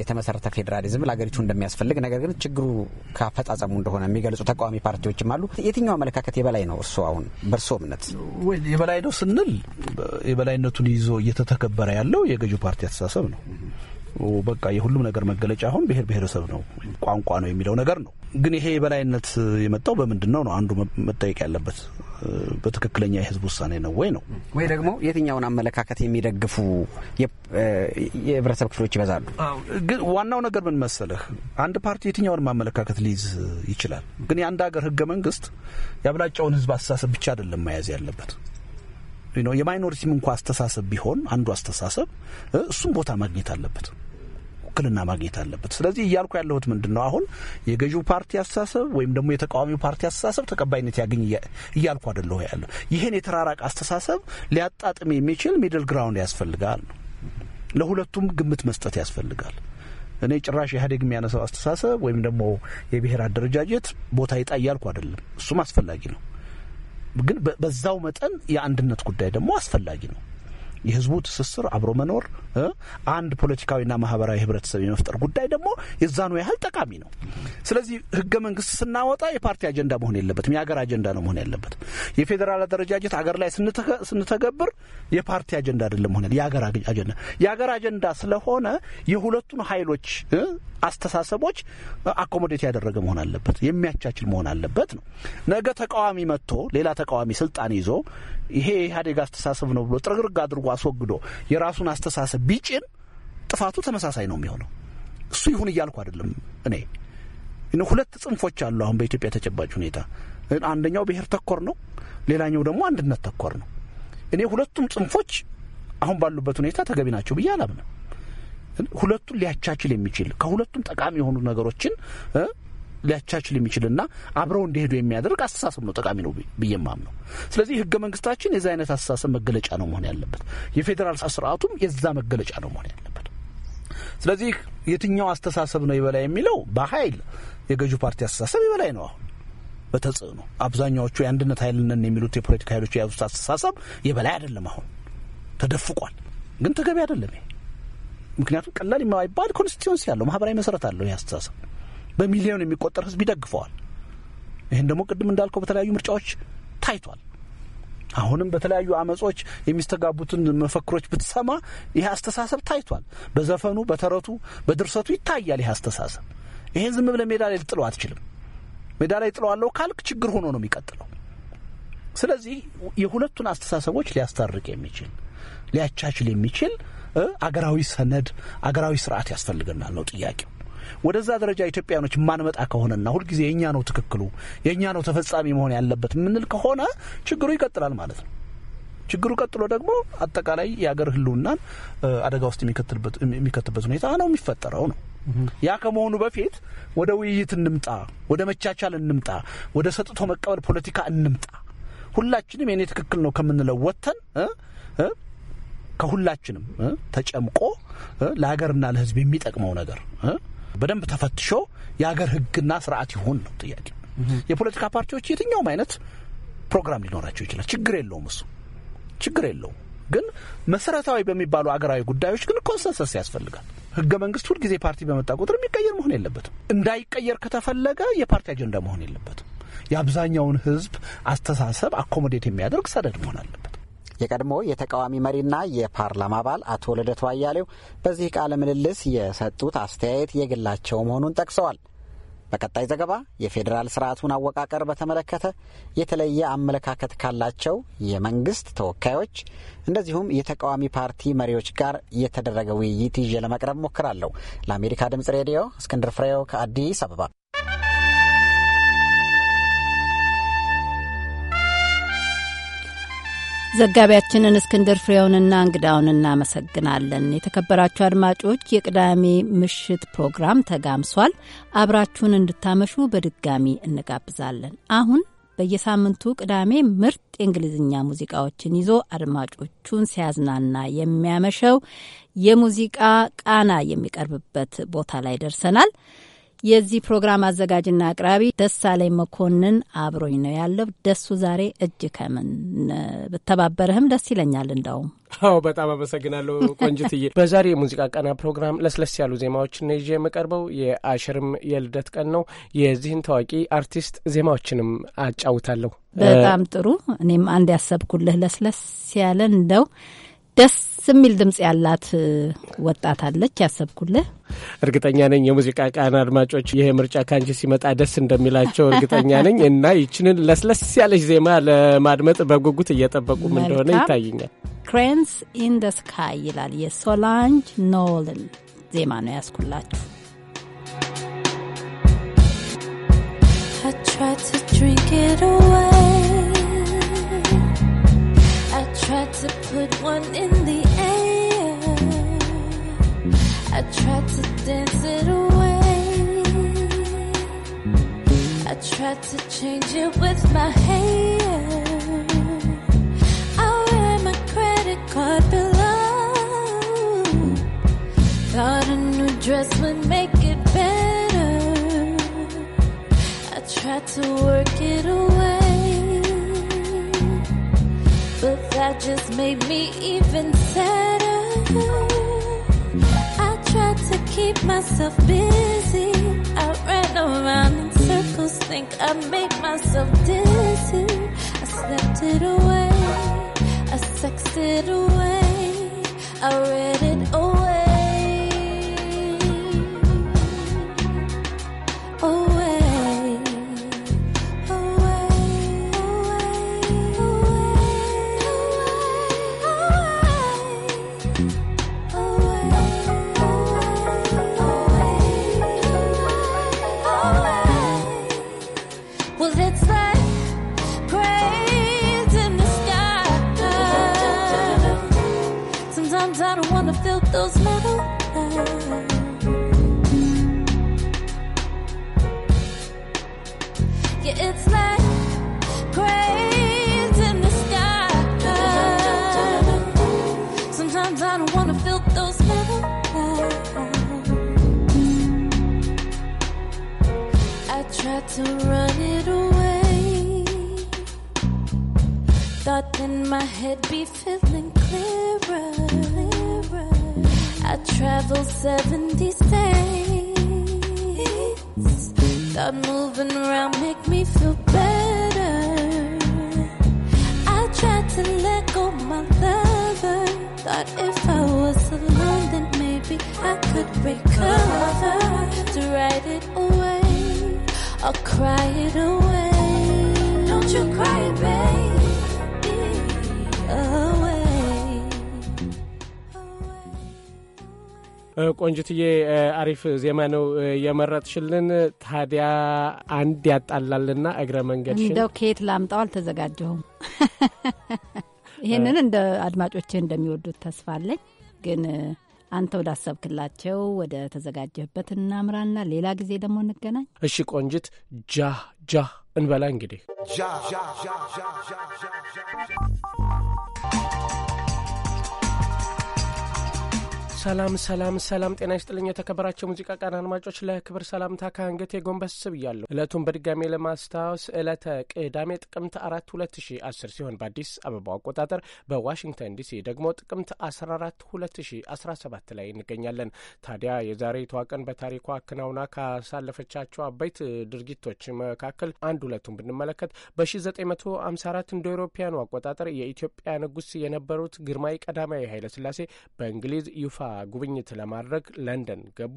የተመሰረተ ፌዴራሊዝም ለሀገሪቱ እንደሚያስፈልግ ነገር ግን ችግሩ ካፈጻጸሙ እንደሆነ የሚገልጹ ተቃዋሚ ፓርቲዎችም አሉ። የትኛው አመለካከት የበላይ ነው እርስዎ አሁን በእርስዎ እምነት? የበላይ ነው ስንል የበላይነቱን ይዞ እየተተከበረ ያለው የገዢው ፓርቲ አስተሳሰብ ነው። በቃ የሁሉም ነገር መገለጫ አሁን ብሔር ብሔረሰብ ነው ቋንቋ ነው የሚለው ነገር ነው። ግን ይሄ የበላይነት የመጣው በምንድን ነው ነው አንዱ መጠየቅ ያለበት። በትክክለኛ የህዝብ ውሳኔ ነው ወይ ነው ወይ ደግሞ የትኛውን አመለካከት የሚደግፉ የህብረተሰብ ክፍሎች ይበዛሉ። ግን ዋናው ነገር ምን መሰለህ፣ አንድ ፓርቲ የትኛውንም አመለካከት ሊይዝ ይችላል። ግን የአንድ ሀገር ህገ መንግስት የአብላጫውን ህዝብ አስተሳሰብ ብቻ አይደለም መያዝ ያለበት። የማይኖሪቲም እንኳ አስተሳሰብ ቢሆን አንዱ አስተሳሰብ እሱም ቦታ ማግኘት አለበት። ውክልና ማግኘት አለበት። ስለዚህ እያልኩ ያለሁት ምንድን ነው አሁን የገዢው ፓርቲ አስተሳሰብ ወይም ደግሞ የተቃዋሚው ፓርቲ አስተሳሰብ ተቀባይነት ያገኝ እያልኩ አደለሁ ያለ ይህን የተራራቅ አስተሳሰብ ሊያጣጥም የሚችል ሚድል ግራውንድ ያስፈልጋል። ለሁለቱም ግምት መስጠት ያስፈልጋል። እኔ ጭራሽ ኢህአዴግ የሚያነሳው አስተሳሰብ ወይም ደግሞ የብሔር አደረጃጀት ቦታ ይጣ እያልኩ አይደለም። እሱም አስፈላጊ ነው፣ ግን በዛው መጠን የአንድነት ጉዳይ ደግሞ አስፈላጊ ነው። የህዝቡ ትስስር፣ አብሮ መኖር፣ አንድ ፖለቲካዊና ማህበራዊ ህብረተሰብ የመፍጠር ጉዳይ ደግሞ የዛኑ ያህል ጠቃሚ ነው። ስለዚህ ህገ መንግስት ስናወጣ የፓርቲ አጀንዳ መሆን የለበትም። የሀገር አጀንዳ ነው መሆን ያለበት። የፌዴራል አደረጃጀት አገር ላይ ስንተገብር የፓርቲ አጀንዳ አይደለም መሆን የሀገር አጀንዳ የሀገር አጀንዳ ስለሆነ የሁለቱን ሀይሎች አስተሳሰቦች አኮሞዴት ያደረገ መሆን አለበት፣ የሚያቻችል መሆን አለበት ነው። ነገ ተቃዋሚ መጥቶ ሌላ ተቃዋሚ ስልጣን ይዞ ይሄ ኢህአዴግ አስተሳሰብ ነው ብሎ ጥርግርግ አድርጎ አስወግዶ የራሱን አስተሳሰብ ቢጭን ጥፋቱ ተመሳሳይ ነው የሚሆነው። እሱ ይሁን እያልኩ አይደለም እኔ። ሁለት ጽንፎች አሉ አሁን በኢትዮጵያ ተጨባጭ ሁኔታ። አንደኛው ብሔር ተኮር ነው፣ ሌላኛው ደግሞ አንድነት ተኮር ነው። እኔ ሁለቱም ጽንፎች አሁን ባሉበት ሁኔታ ተገቢ ናቸው ብዬ አላምንም። ሁለቱን ሊያቻችል የሚችል ከሁለቱም ጠቃሚ የሆኑ ነገሮችን ሊያቻችል የሚችልና አብረው እንዲሄዱ የሚያደርግ አስተሳሰብ ነው ጠቃሚ ነው ብዬ ማምነው። ስለዚህ ህገ መንግስታችን የዛ አይነት አስተሳሰብ መገለጫ ነው መሆን ያለበት። የፌዴራል ስርዓቱም የዛ መገለጫ ነው መሆን ያለበት። ስለዚህ የትኛው አስተሳሰብ ነው የበላይ የሚለው በኃይል የገዢ ፓርቲ አስተሳሰብ የበላይ ነው አሁን በተጽዕኖ አብዛኛዎቹ የአንድነት ኃይልነን የሚሉት የፖለቲካ ኃይሎች የያዙት አስተሳሰብ የበላይ አይደለም። አሁን ተደፍቋል፣ ግን ተገቢ አይደለም። ምክንያቱም ቀላል የማይባል ኮንስቲትዌንሲ ያለው ማህበራዊ መሰረት አለው ይህ አስተሳሰብ በሚሊዮን የሚቆጠር ህዝብ ይደግፈዋል። ይህን ደግሞ ቅድም እንዳልከው በተለያዩ ምርጫዎች ታይቷል። አሁንም በተለያዩ አመጾች የሚስተጋቡትን መፈክሮች ብትሰማ ይህ አስተሳሰብ ታይቷል። በዘፈኑ፣ በተረቱ፣ በድርሰቱ ይታያል ይህ አስተሳሰብ። ይህን ዝም ብለህ ሜዳ ላይ ልጥለው አትችልም። ሜዳ ላይ ጥለዋለሁ ካልክ ችግር ሆኖ ነው የሚቀጥለው። ስለዚህ የሁለቱን አስተሳሰቦች ሊያስታርቅ የሚችል ሊያቻችል የሚችል አገራዊ ሰነድ፣ አገራዊ ስርዓት ያስፈልገናል ነው ጥያቄው። ወደዛ ደረጃ ኢትዮጵያኖች ማንመጣ ከሆነና ሁልጊዜ የእኛ ነው ትክክሉ የእኛ ነው ተፈጻሚ መሆን ያለበት የምንል ከሆነ ችግሩ ይቀጥላል ማለት ነው። ችግሩ ቀጥሎ ደግሞ አጠቃላይ የአገር ህልውናን አደጋ ውስጥ የሚከትበት ሁኔታ ነው የሚፈጠረው ነው። ያ ከመሆኑ በፊት ወደ ውይይት እንምጣ፣ ወደ መቻቻል እንምጣ፣ ወደ ሰጥቶ መቀበል ፖለቲካ እንምጣ። ሁላችንም የኔ ትክክል ነው ከምንለው ወጥተን ከሁላችንም ተጨምቆ ለሀገርና ለህዝብ የሚጠቅመው ነገር በደንብ ተፈትሾ የሀገር ህግና ስርዓት ይሁን ነው ጥያቄ። የፖለቲካ ፓርቲዎች የትኛውም አይነት ፕሮግራም ሊኖራቸው ይችላል። ችግር የለውም፣ እሱ ችግር የለውም። ግን መሰረታዊ በሚባሉ አገራዊ ጉዳዮች ግን ኮንሰንሰስ ያስፈልጋል። ህገ መንግስት ሁልጊዜ ፓርቲ በመጣ ቁጥር የሚቀየር መሆን የለበትም። እንዳይቀየር ከተፈለገ የፓርቲ አጀንዳ መሆን የለበትም። የአብዛኛውን ህዝብ አስተሳሰብ አኮሞዴት የሚያደርግ ሰደድ መሆን አለበት። የቀድሞ የተቃዋሚ መሪና የፓርላማ አባል አቶ ልደቱ አያሌው በዚህ ቃለ ምልልስ የሰጡት አስተያየት የግላቸው መሆኑን ጠቅሰዋል። በቀጣይ ዘገባ የፌዴራል ስርዓቱን አወቃቀር በተመለከተ የተለየ አመለካከት ካላቸው የመንግስት ተወካዮች እንደዚሁም የተቃዋሚ ፓርቲ መሪዎች ጋር የተደረገ ውይይት ይዤ ለመቅረብ ሞክራለሁ። ለአሜሪካ ድምጽ ሬዲዮ እስክንድር ፍሬው ከአዲስ አበባ ዘጋቢያችንን እስክንድር ፍሬውንና እንግዳውን እናመሰግናለን። የተከበራችሁ አድማጮች የቅዳሜ ምሽት ፕሮግራም ተጋምሷል። አብራችሁን እንድታመሹ በድጋሚ እንጋብዛለን። አሁን በየሳምንቱ ቅዳሜ ምርጥ የእንግሊዝኛ ሙዚቃዎችን ይዞ አድማጮቹን ሲያዝናና የሚያመሸው የሙዚቃ ቃና የሚቀርብበት ቦታ ላይ ደርሰናል። የዚህ ፕሮግራም አዘጋጅና አቅራቢ ደሳለኝ መኮንን አብሮኝ ነው ያለው። ደሱ ዛሬ እጅ ከምን ብተባበረህም ደስ ይለኛል። እንደውም አዎ፣ በጣም አመሰግናለሁ ቆንጅትዬ። በዛሬ የሙዚቃ ቀና ፕሮግራም ለስለስ ያሉ ዜማዎችን ነው ይዤ የምቀርበው። የአሽርም የልደት ቀን ነው። የዚህን ታዋቂ አርቲስት ዜማዎችንም አጫውታለሁ። በጣም ጥሩ። እኔም አንድ ያሰብኩልህ ለስለስ ያለ እንደው ደስ የሚል ድምጽ ያላት ወጣት አለች ያሰብኩልህ። እርግጠኛ ነኝ የሙዚቃ ቃን አድማጮች ይሄ ምርጫ ከአንቺ ሲመጣ ደስ እንደሚላቸው እርግጠኛ ነኝ እና ይችንን ለስለስ ያለች ዜማ ለማድመጥ በጉጉት እየጠበቁም እንደሆነ ይታይኛል። ክሬንስ ኢን ደ ስካይ ይላል የሶላንጅ ኖልን ዜማ ነው ያስኩላችሁ። I tried to drink it away tried to put one in the air. I tried to dance it away. I tried to change it with my hair. I ran my credit card below. Thought a new dress would make it better. I tried to work it away. But that just made me even sadder. I tried to keep myself busy. I ran around in circles, think I made myself dizzy. I slept it away, I sexed it away, I read it all. ቆንጅትዬ አሪፍ ዜማ ነው የመረጥሽልን። ታዲያ አንድ ያጣላልና እግረ መንገድ እንደው ከየት ላምጣው አልተዘጋጀሁም። ይህንን እንደ አድማጮቼ እንደሚወዱት ተስፋ አለኝ። ግን አንተ ወዳሰብክላቸው ወደ ተዘጋጀህበት እናምራና ሌላ ጊዜ ደግሞ እንገናኝ። እሺ ቆንጅት፣ ጃ ጃ እንበላ እንግዲህ ሰላም ሰላም ሰላም፣ ጤና ይስጥልኝ የተከበራቸው ሙዚቃ ቃና አድማጮች፣ ለክብር ሰላምታ ከአንገቴ ጎንበስ ብያለሁ። እለቱን በድጋሜ ለማስታወስ እለተ ቅዳሜ ጥቅምት አራት ሁለት ሺ አስር ሲሆን በአዲስ አበባው አቆጣጠር በዋሽንግተን ዲሲ ደግሞ ጥቅምት አስራ አራት ሁለት ሺ አስራ ሰባት ላይ እንገኛለን። ታዲያ የዛሬ ቀን በታሪኳ አክናውና ካሳለፈቻቸው አበይት ድርጊቶች መካከል አንድ ሁለቱን ብንመለከት በሺ ዘጠኝ መቶ ሀምሳ አራት እንደ አውሮፓውያኑ አቆጣጠር የኢትዮጵያ ንጉስ የነበሩት ግርማዊ ቀዳማዊ ኃይለ ስላሴ በእንግሊዝ ይፋ ጉብኝት ለማድረግ ለንደን ገቡ።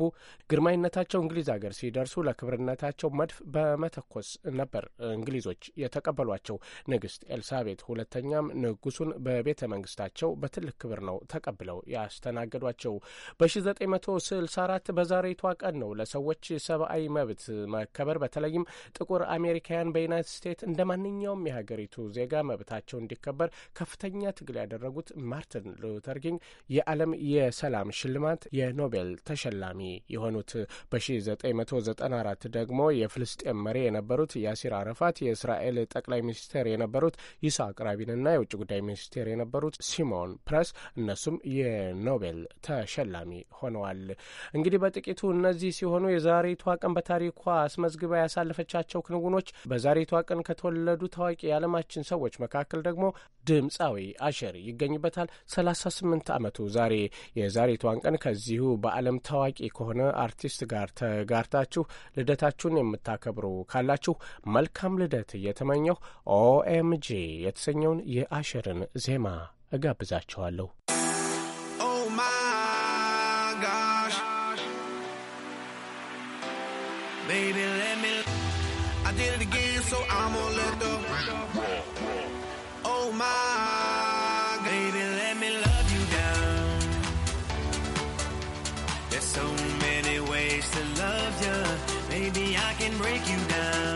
ግርማዊነታቸው እንግሊዝ ሀገር ሲደርሱ ለክብርነታቸው መድፍ በመተኮስ ነበር እንግሊዞች የተቀበሏቸው። ንግስት ኤልሳቤት ሁለተኛም ንጉሱን በቤተ መንግስታቸው በትልቅ ክብር ነው ተቀብለው ያስተናገዷቸው። በ1964 በዛሬቷ ቀን ነው ለሰዎች ሰብአዊ መብት መከበር በተለይም ጥቁር አሜሪካውያን በዩናይትድ ስቴትስ እንደ ማንኛውም የሀገሪቱ ዜጋ መብታቸው እንዲከበር ከፍተኛ ትግል ያደረጉት ማርቲን ሉተር ኪንግ የዓለም የሰላም የሰላም ሽልማት የኖቤል ተሸላሚ የሆኑት። በ1994 ደግሞ የፍልስጤም መሪ የነበሩት ያሲር አረፋት፣ የእስራኤል ጠቅላይ ሚኒስቴር የነበሩት ይስሐቅ ራቢንና የውጭ ጉዳይ ሚኒስቴር የነበሩት ሲሞን ፕረስ እነሱም የኖቤል ተሸላሚ ሆነዋል። እንግዲህ በጥቂቱ እነዚህ ሲሆኑ የዛሬቷ ቀን በታሪኳ አስመዝግባ ያሳለፈቻቸው ክንውኖች በዛሬቷ ቀን ከተወለዱ ታዋቂ የዓለማችን ሰዎች መካከል ደግሞ ድምፃዊ አሸር ይገኝበታል። 38 ዓመቱ ዛሬ የዛሬ የዛሬቷን ቀን ከዚሁ በዓለም ታዋቂ ከሆነ አርቲስት ጋር ተጋርታችሁ ልደታችሁን የምታከብሩ ካላችሁ መልካም ልደት እየተመኘሁ ኦኤምጂ የተሰኘውን የአሸርን ዜማ እጋብዛችኋለሁ። oh Baby, can break you down.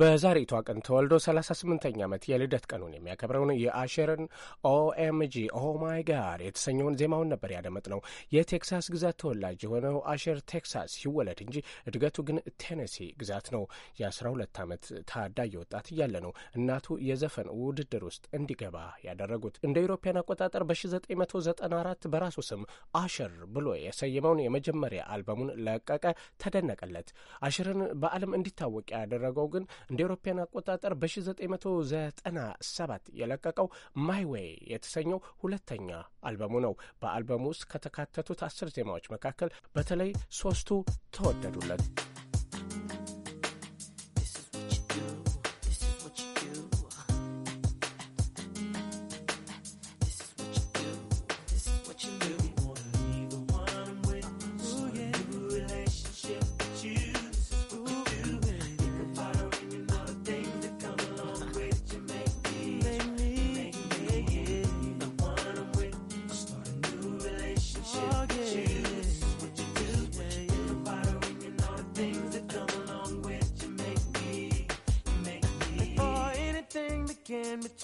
በዛሬቷ ቀን ተወልዶ 38ኛ ዓመት የልደት ቀኑን የሚያከብረውን የአሸርን ኦኤምጂ ኦማይ ጋር የተሰኘውን ዜማውን ነበር ያደመጥ ነው። የቴክሳስ ግዛት ተወላጅ የሆነው አሸር ቴክሳስ ይወለድ እንጂ እድገቱ ግን ቴነሲ ግዛት ነው። የ12 ዓመት ታዳጊ ወጣት እያለ ነው እናቱ የዘፈን ውድድር ውስጥ እንዲገባ ያደረጉት። እንደ ኢሮፓያን አቆጣጠር በ1994 በራሱ ስም አሸር ብሎ የሰየመውን የመጀመሪያ አልበሙን ለቀቀ፣ ተደነቀለት። አሸርን በዓለም እንዲታወቅ ያደረገው ግን እንደ ኤሮፓያን አቆጣጠር በ1997 የለቀቀው ማይዌይ የተሰኘው ሁለተኛ አልበሙ ነው። በአልበሙ ውስጥ ከተካተቱት አስር ዜማዎች መካከል በተለይ ሶስቱ ተወደዱለት።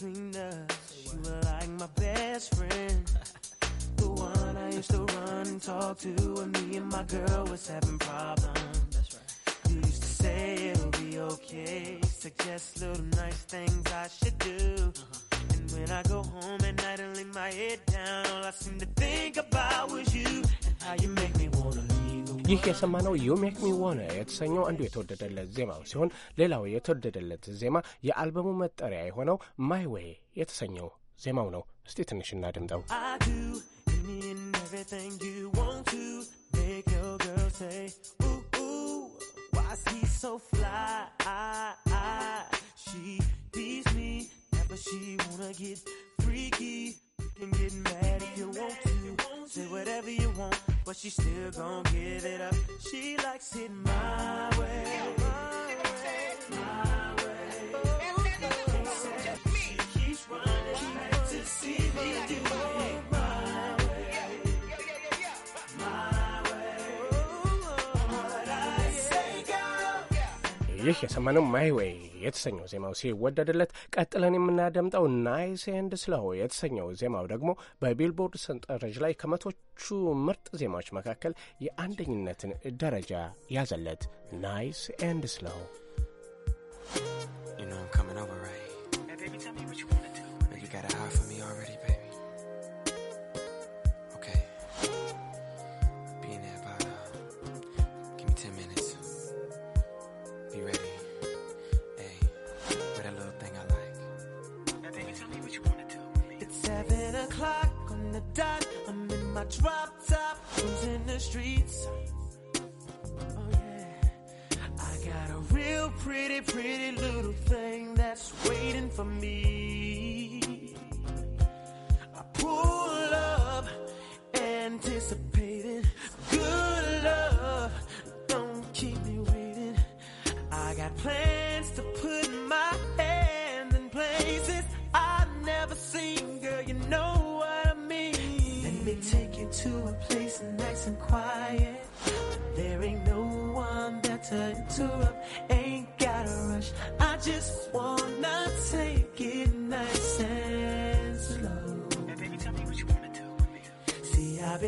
between us, you were like my best friend. The one I used to run and talk to when me and my girl was having problems. That's right. You used to say it'll be okay, suggest little nice things I should do. Uh-huh. And when I go home at night and lay my head down, all I seem to think about was you and how you make me. ይህ የሰማነው ዩ ሜክ ሚ ዋነ የተሰኘው አንዱ የተወደደለት ዜማው ሲሆን ሌላው የተወደደለት ዜማ የአልበሙ መጠሪያ የሆነው ማይ ዌይ የተሰኘው ዜማው ነው። እስቲ ትንሽ እናድምጠው። she wanna get freaky. can get mad if you want to. Say whatever you want, but she still gon' give it up. She likes it my way. My way. My way. ይህ የሰማነው ማይ ዌይ የተሰኘው ዜማው ሲወደድለት፣ ቀጥለን የምናደምጠው ናይስ ኤንድ ስለው የተሰኘው ዜማው ደግሞ በቢልቦርድ ሰንጠረዥ ላይ ከመቶቹ ምርጥ ዜማዎች መካከል የአንደኝነትን ደረጃ ያዘለት ናይስ ኤንድ ስለው dot. I'm in my drop top, cruising the streets. Oh yeah. I got a real pretty, pretty little thing that's waiting for me.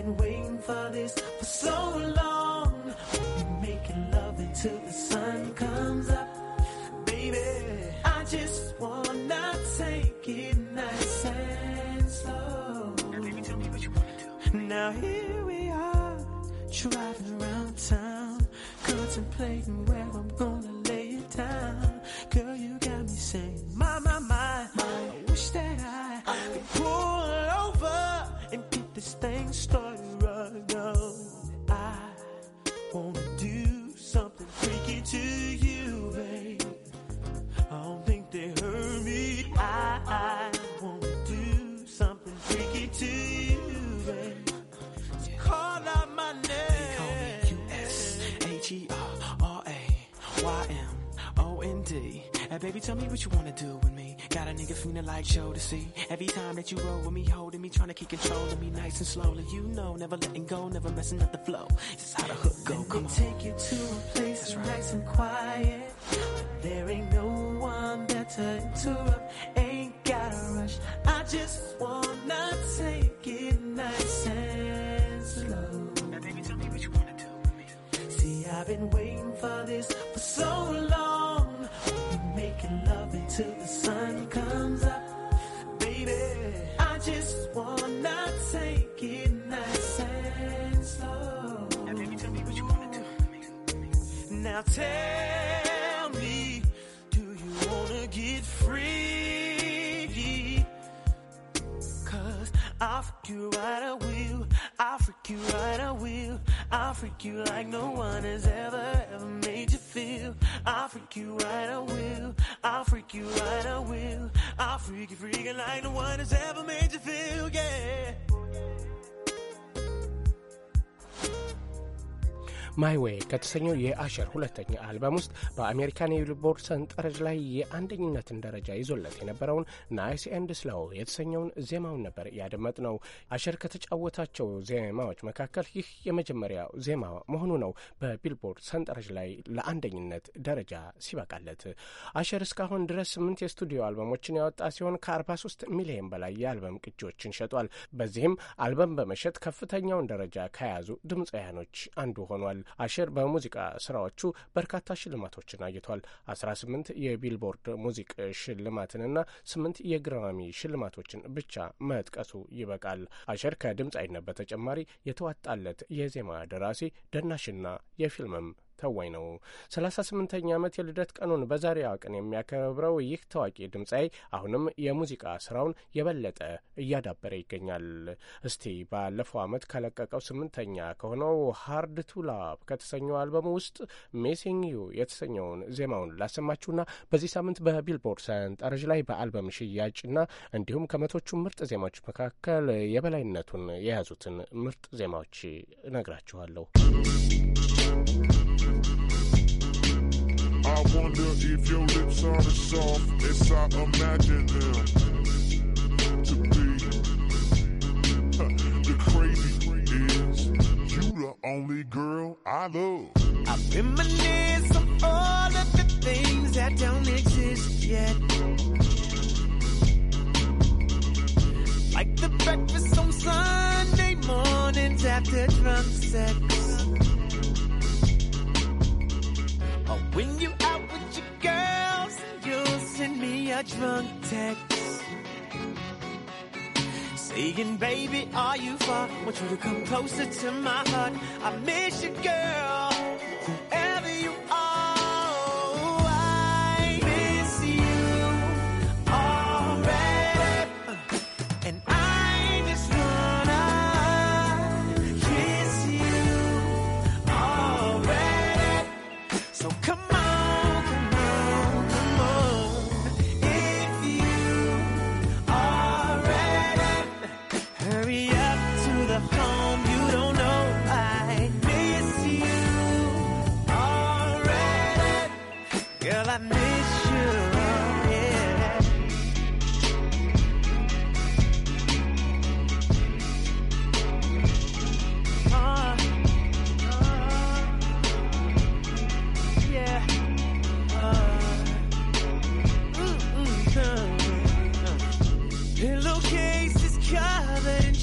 been waiting for this for so long. you roll with me, holding me, trying to keep control of me nice and slowly. You know, never letting go, never messing up the flow. This is how the hook go. Come on. take you to a place That's right. nice and quiet. There ain't no one better to interrupt. Ain't gotta rush. I just wanna take it nice and slow. Now, baby, tell me what you wanna do with me. See, I've been waiting for this for so long. making love until the sun tell me, do you wanna get free? Cause I'll freak you right, I will. I'll freak you right, I will. I'll freak you like no one has ever, ever made you feel. I'll freak you right, I will. I'll freak you right, I will. I'll freak you freaking like no one has ever made you feel, yeah. ማይ ዌይ ከተሰኘው የአሸር ሁለተኛ አልበም ውስጥ በአሜሪካን የቢልቦርድ ሰንጠረዥ ላይ የአንደኝነትን ደረጃ ይዞለት የነበረውን ናይስ ኤንድ ስለው የተሰኘውን ዜማውን ነበር ያደመጥ ነው። አሸር ከተጫወታቸው ዜማዎች መካከል ይህ የመጀመሪያው ዜማ መሆኑ ነው። በቢልቦርድ ሰንጠረዥ ላይ ለአንደኝነት ደረጃ ሲበቃለት አሸር እስካሁን ድረስ ስምንት የስቱዲዮ አልበሞችን ያወጣ ሲሆን ከ43 ሚሊዮን በላይ የአልበም ቅጂዎችን ሸጧል። በዚህም አልበም በመሸጥ ከፍተኛውን ደረጃ ከያዙ ድምፃውያኖች አንዱ ሆኗል። አሸር በሙዚቃ ስራዎቹ በርካታ ሽልማቶችን አግኝቷል። አስራ ስምንት የቢልቦርድ ሙዚቅ ሽልማትንና ስምንት የግራሚ ሽልማቶችን ብቻ መጥቀሱ ይበቃል። አሸር አይነት በተጨማሪ የተዋጣለት የዜማ ደራሲ፣ ደናሽና የፊልምም ተዋኝ ነው። ሰላሳ 38ኛ ዓመት የልደት ቀኑን በዛሬዋ ቀን የሚያከብረው ይህ ታዋቂ ድምፃዊ አሁንም የሙዚቃ ስራውን የበለጠ እያዳበረ ይገኛል። እስቲ ባለፈው ዓመት ከለቀቀው ስምንተኛ ከሆነው ሃርድ ቱ ላቭ ከተሰኘው አልበሙ ውስጥ ሜሲንግ ዩ የተሰኘውን ዜማውን ላሰማችሁና በዚህ ሳምንት በቢልቦርድ ሰንጠረዥ ላይ በአልበም ሽያጭና እንዲሁም ከመቶቹ ምርጥ ዜማዎች መካከል የበላይነቱን የያዙትን ምርጥ ዜማዎች እነግራችኋለሁ። I wonder if your lips are as soft as I imagine them to be. the crazy is, you the only girl I love. I reminisce on all of the things that don't exist yet. Like the breakfast on Sunday mornings after drunk sex. Or oh, when you out with your girls, you'll send me a drunk text. Saying, baby, are you far? Want you to come closer to my heart. I miss you, girl.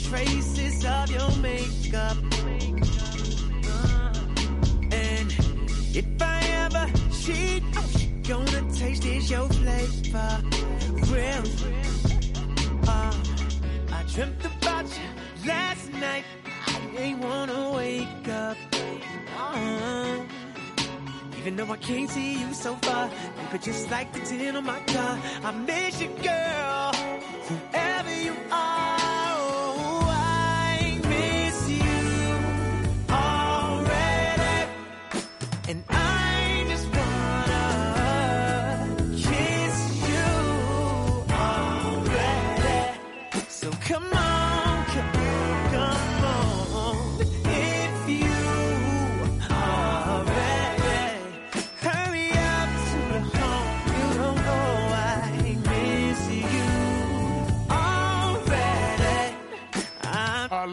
traces of your makeup. Uh, and if I ever cheat, oh, she gonna taste is your flavor. Real. Uh, I dreamt about you last night. I ain't wanna wake up. Uh, even though I can't see you so far, you could just like the tin on my car. I miss you, girl.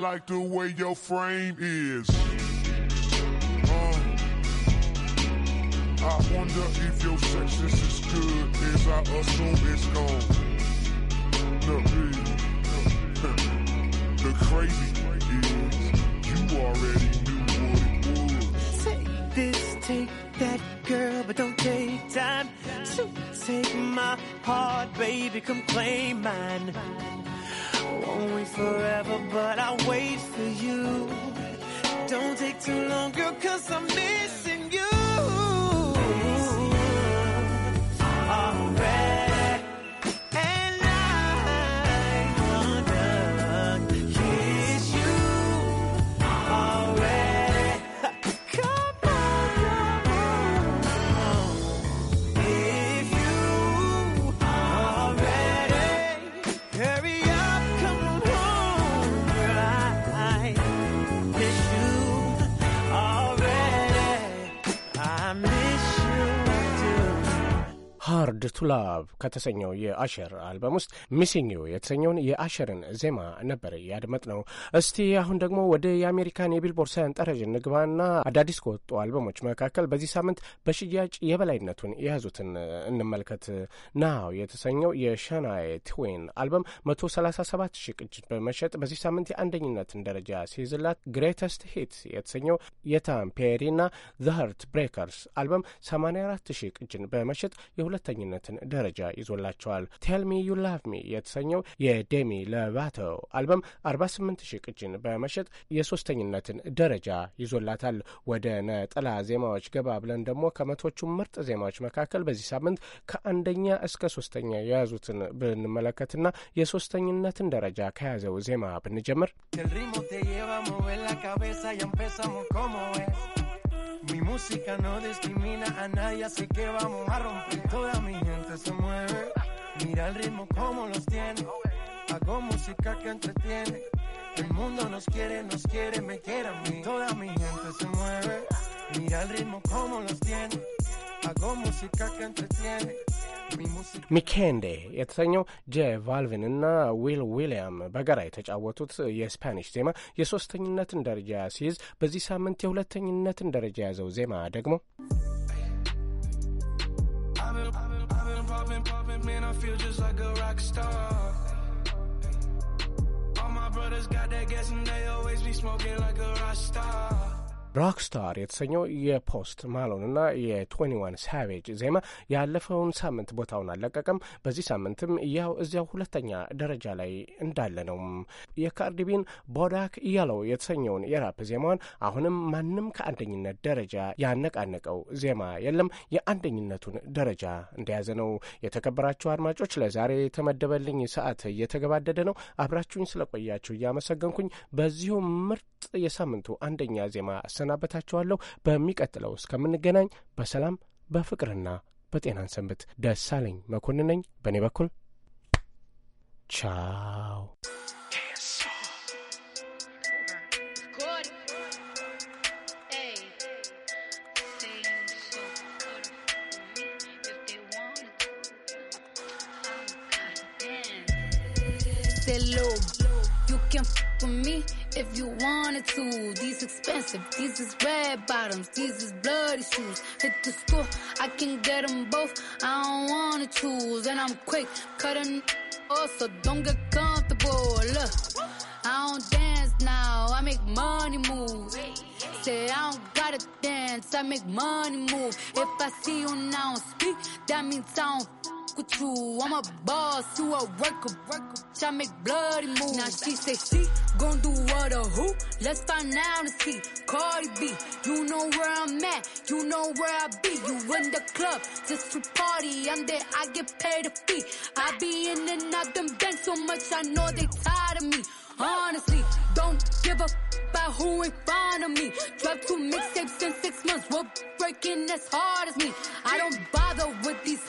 like the way your frame is. Uh, I wonder if your sex is as good as I assume it's gone. Look, the crazy is you already knew what it was. Take this, take that girl, but don't take time to take my heart, baby. Come claim mine. Won't wait forever, but I'll wait for you. Don't take too long, girl, cause I miss ቱ ላቭ ከተሰኘው የአሸር አልበም ውስጥ ሚሲንግ ዩ የተሰኘውን የአሸርን ዜማ ነበር ያድመጥ ነው። እስቲ አሁን ደግሞ ወደ የአሜሪካን የቢልቦርድ ሰንጠረዥ እንግባና አዳዲስ ከወጡ አልበሞች መካከል በዚህ ሳምንት በሽያጭ የበላይነቱን የያዙትን እንመልከት። ናው የተሰኘው የሸናይ ትዌን አልበም መቶ ሰላሳ ሰባት ሺ ቅጅት በመሸጥ በዚህ ሳምንት የአንደኝነትን ደረጃ ሲይዝላት፣ ግሬተስት ሂት የተሰኘው የታም ፔሪና ዘ ሀርት ብሬከርስ አልበም ሰማንያ አራት ሺ ቅጅን በመሸጥ የሁለተኝነት ያሉበትን ደረጃ ይዞላቸዋል። ቴልሚ ዩ ላቭ ሚ የተሰኘው የዴሚ ለቫቶ አልበም 48 ሺህ ቅጂን በመሸጥ የሶስተኝነትን ደረጃ ይዞላታል። ወደ ነጠላ ዜማዎች ገባ ብለን ደግሞ ከመቶቹ ምርጥ ዜማዎች መካከል በዚህ ሳምንት ከአንደኛ እስከ ሶስተኛ የያዙትን ብንመለከትና የሶስተኝነትን ደረጃ ከያዘው ዜማ ብንጀምር Mi música no discrimina a nadie, así que vamos a romper. Toda mi gente se mueve. Mira el ritmo como los tiene. Hago música que entretiene El mundo nos quiere, nos quiere, me quiere a mí. Toda mi gente se mueve. Mira el ritmo como los tiene. Hago música que entretiene. ሚኬንዴ የተሰኘው ቫልቪን እና ዊል ዊሊያም በጋራ የተጫወቱት የስፓኒሽ ዜማ የሶስተኝነትን ደረጃ ሲይዝ በዚህ ሳምንት የሁለተኝነትን ደረጃ የያዘው ዜማ ደግሞ I've been, I've been poppin', poppin', man, I feel just like a rock star. got that gas and they always be smoking like a rock star. ሮክስታር የተሰኘው የፖስት ማሎን እና የ21 ሳቬጅ ዜማ ያለፈውን ሳምንት ቦታውን አለቀቀም። በዚህ ሳምንትም ያው እዚያው ሁለተኛ ደረጃ ላይ እንዳለ ነው። የካርዲቢን ቦዳክ ያለው የተሰኘውን የራፕ ዜማዋን አሁንም ማንም ከአንደኝነት ደረጃ ያነቃነቀው ዜማ የለም። የአንደኝነቱን ደረጃ እንደያዘ ነው። የተከበራችሁ አድማጮች ለዛሬ የተመደበልኝ ሰዓት እየተገባደደ ነው። አብራችሁኝ ስለቆያችሁ እያመሰገንኩኝ በዚሁ ምርጥ የሳምንቱ አንደኛ ዜማ እሰናበታችኋለሁ። በሚቀጥለው እስከምንገናኝ በሰላም በፍቅርና በጤናን ሰንብት። ደሳለኝ መኮንን ነኝ። በእኔ በኩል ቻው። You can f with me if you wanted to. These expensive, these is red bottoms, these is bloody shoes. Hit the school, I can get them both. I don't wanna choose, and I'm quick cutting off, so don't get comfortable. Look, I don't dance now, I make money moves. Say I don't gotta dance, I make money move. If I see you now speak, that means I don't with you. I'm a boss, you a worker, worker bitch, I make bloody moves. Now she say she gon' do what or who? Let's find out and see. Cardi B, you know where I'm at, you know where I be. You in the club just to party? I'm there, I get paid a fee. I be in and out them bands so much, I know they tired of me. Honestly, don't give a about who in front of me. Drop two mixtapes in six months, we're breaking as hard as me. I don't bother with these,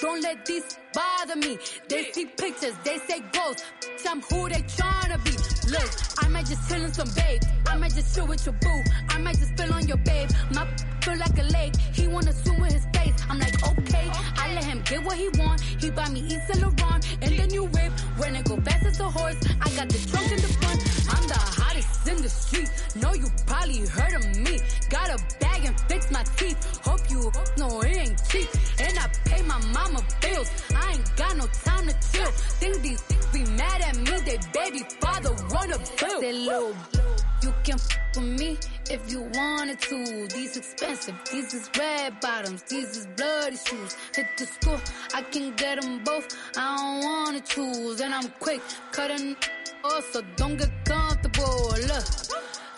don't let these bother me. They see pictures, they say ghosts. I'm who they tryna be look. I might just chill on some babe. I might just chill with your boo. I might just spill on your babe. My feel like a lake. He wanna swim with his face. I'm like, okay. I let him get what he want. He buy me East and Lebron, and the new whip. When it go fast as a horse, I got the trunk in the front. I'm the hottest in the street. Know you probably heard of me. Got a bag and fix my teeth. Hope you know it ain't cheap. And I pay my mama bills. I ain't got no time to chill. Things be, be mad at me. They baby father wrong on the bill. Say, you can f with me if you wanted to. These expensive, these is red bottoms, these is bloody shoes. Hit the school, I can get them both. I don't wanna choose, and I'm quick cutting off, so don't get comfortable. Look,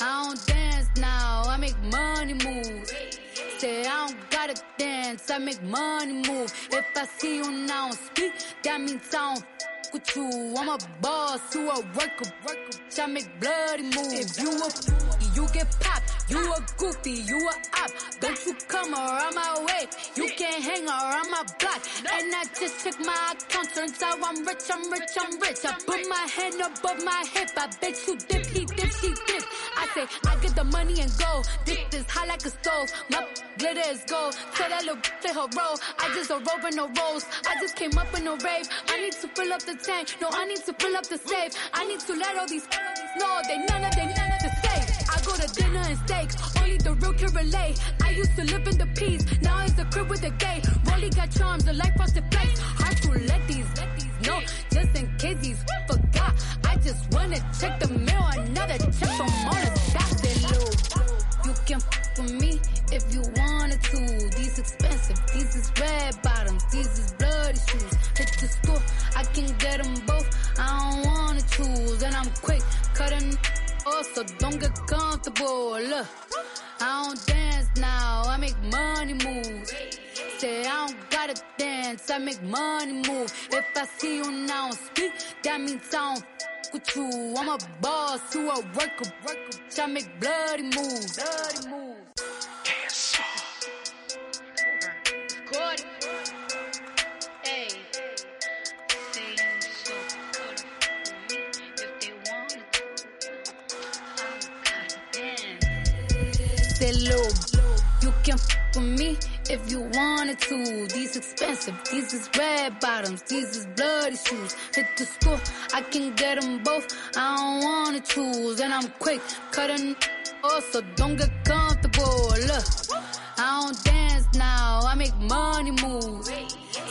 I don't dance now, I make money moves. Say I don't gotta dance, I make money move. If I see you now speak, that means I don't with you. I'm a boss to a worker. I make bloody moves. If you a you get popped. You a goofy, you a op. Don't you come around my way. You can't hang around my block. And I just check my account. Turns out I'm rich, I'm rich, I'm rich. I put my hand above my hip. I bet you dip, he dip, she dip say I get the money and go. Dick is hot like a stove. My glitter is gold. Tell that little to her roll. I just don't roll no rolls. I just came up in a rave. I need to fill up the tank. No, I need to fill up the safe. I need to let all these know they none of they none of the safe. I go to dinner and steak. Only the real can relate. I used to live in the peace. Now it's a crib with a gay. Rolly got charms, a life the flakes. Hard to let these, let these know. Just in case these I make money move. If I see you now speak, that means I don't f- with you. I'm a boss to a worker, worker. I make bloody moves, bloody moves. Yes. Cordy. Hey. Say, low, you can f with me if you wanted to. These expensive, these is red bottoms, these is bloody shoes. Hit the school, I can get them both. I don't wanna choose, and I'm quick cutting off, so don't get comfortable. Look, I don't dance now, I make money move.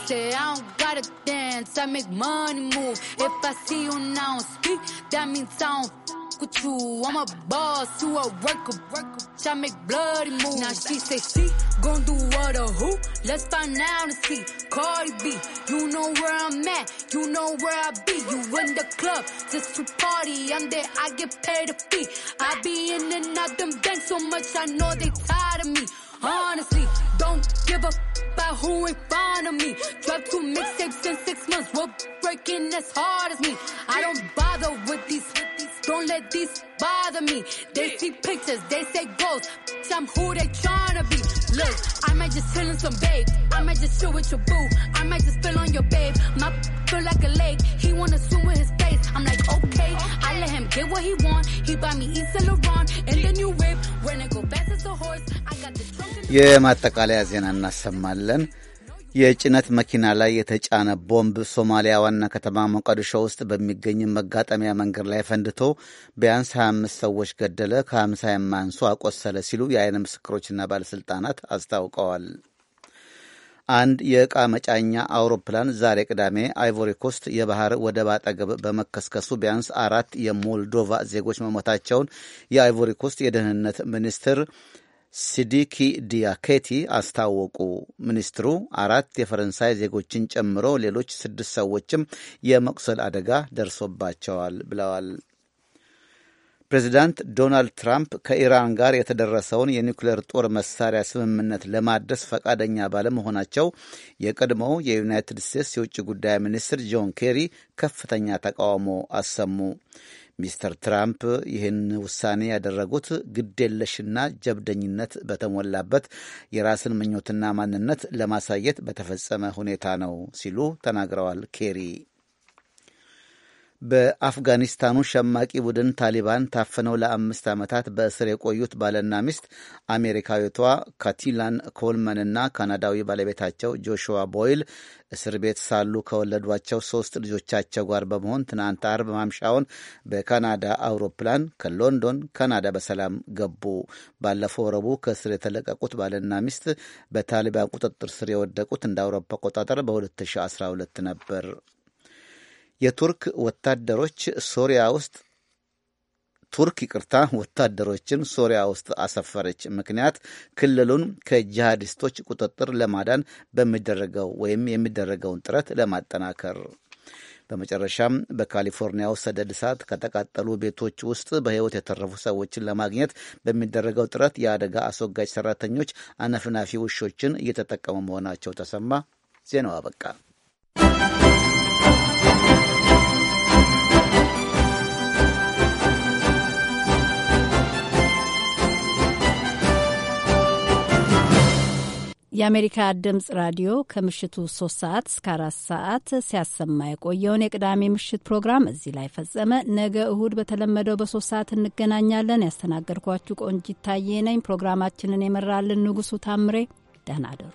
Say I don't gotta dance, I make money move. If I see you now speak, that means I don't with you. I'm a boss, you a worker, worker. I make bloody moves. Now she say she gon' do what or who? Let's find out and see. Cardi B, you know where I'm at, you know where I be. You in the club just to party. I'm there, I get paid a fee. I be in and out them banks so much, I know they tired of me. Honestly, don't give a about who in front of me. Drop two mixtapes in six months, we're breaking as hard as me. I don't bother with these. Don't let these bother me. They see pictures, they say ghosts. I'm who they tryna be. Look, I might just chill in some babe. I might just chill with your boo. I might just spill on your babe. My feel like a lake. He wanna swim with his face. I'm like, okay. I let him get what he want. He buy me East Laurent and then you whip. When I go fast as a horse, I got the trunk. የማጠቃለያ ዜና እናሰማለን። የጭነት መኪና ላይ የተጫነ ቦምብ ሶማሊያ ዋና ከተማ ሞቃዲሾ ውስጥ በሚገኝ መጋጠሚያ መንገድ ላይ ፈንድቶ ቢያንስ 25 ሰዎች ገደለ፣ ከ50 የማያንሱ አቆሰለ ሲሉ የአይን ምስክሮችና ባለሥልጣናት አስታውቀዋል። አንድ የዕቃ መጫኛ አውሮፕላን ዛሬ ቅዳሜ አይቮሪ ኮስት የባህር ወደብ አጠገብ በመከስከሱ ቢያንስ አራት የሞልዶቫ ዜጎች መሞታቸውን የአይቮሪ ኮስት የደህንነት ሚኒስትር ሲዲኪ ዲያኬቲ አስታወቁ። ሚኒስትሩ አራት የፈረንሳይ ዜጎችን ጨምሮ ሌሎች ስድስት ሰዎችም የመቁሰል አደጋ ደርሶባቸዋል ብለዋል። ፕሬዚዳንት ዶናልድ ትራምፕ ከኢራን ጋር የተደረሰውን የኒውክሌር ጦር መሳሪያ ስምምነት ለማደስ ፈቃደኛ ባለመሆናቸው የቀድሞው የዩናይትድ ስቴትስ የውጭ ጉዳይ ሚኒስትር ጆን ኬሪ ከፍተኛ ተቃውሞ አሰሙ። ሚስተር ትራምፕ ይህን ውሳኔ ያደረጉት ግዴለሽና ጀብደኝነት በተሞላበት የራስን ምኞትና ማንነት ለማሳየት በተፈጸመ ሁኔታ ነው ሲሉ ተናግረዋል ኬሪ በአፍጋኒስታኑ ሸማቂ ቡድን ታሊባን ታፍነው ለአምስት ዓመታት በእስር የቆዩት ባልና ሚስት አሜሪካዊቷ ካቲላን ኮልመንና ካናዳዊ ባለቤታቸው ጆሹዋ ቦይል እስር ቤት ሳሉ ከወለዷቸው ሶስት ልጆቻቸው ጋር በመሆን ትናንት አርብ ማምሻውን በካናዳ አውሮፕላን ከሎንዶን ካናዳ በሰላም ገቡ። ባለፈው ረቡዕ ከእስር የተለቀቁት ባልና ሚስት በታሊባን ቁጥጥር ስር የወደቁት እንደ አውሮፓ አቆጣጠር በ2012 ነበር። የቱርክ ወታደሮች ሶሪያ ውስጥ ቱርክ ይቅርታ ወታደሮችን ሶሪያ ውስጥ አሰፈረች። ምክንያት ክልሉን ከጂሃዲስቶች ቁጥጥር ለማዳን በሚደረገው ወይም የሚደረገውን ጥረት ለማጠናከር። በመጨረሻም በካሊፎርኒያው ሰደድ እሳት ከተቃጠሉ ቤቶች ውስጥ በሕይወት የተረፉ ሰዎችን ለማግኘት በሚደረገው ጥረት የአደጋ አስወጋጅ ሰራተኞች አነፍናፊ ውሾችን እየተጠቀሙ መሆናቸው ተሰማ። ዜናው አበቃ። የአሜሪካ ድምፅ ራዲዮ ከምሽቱ 3 ሰዓት እስከ 4 ሰዓት ሲያሰማ የቆየውን የቅዳሜ ምሽት ፕሮግራም እዚህ ላይ ፈጸመ። ነገ እሁድ በተለመደው በሶስት ሰዓት እንገናኛለን። ያስተናገድኳችሁ ቆንጂት ታዬ ነኝ። ፕሮግራማችንን የመራልን ንጉሱ ታምሬ። ደህና አደሩ።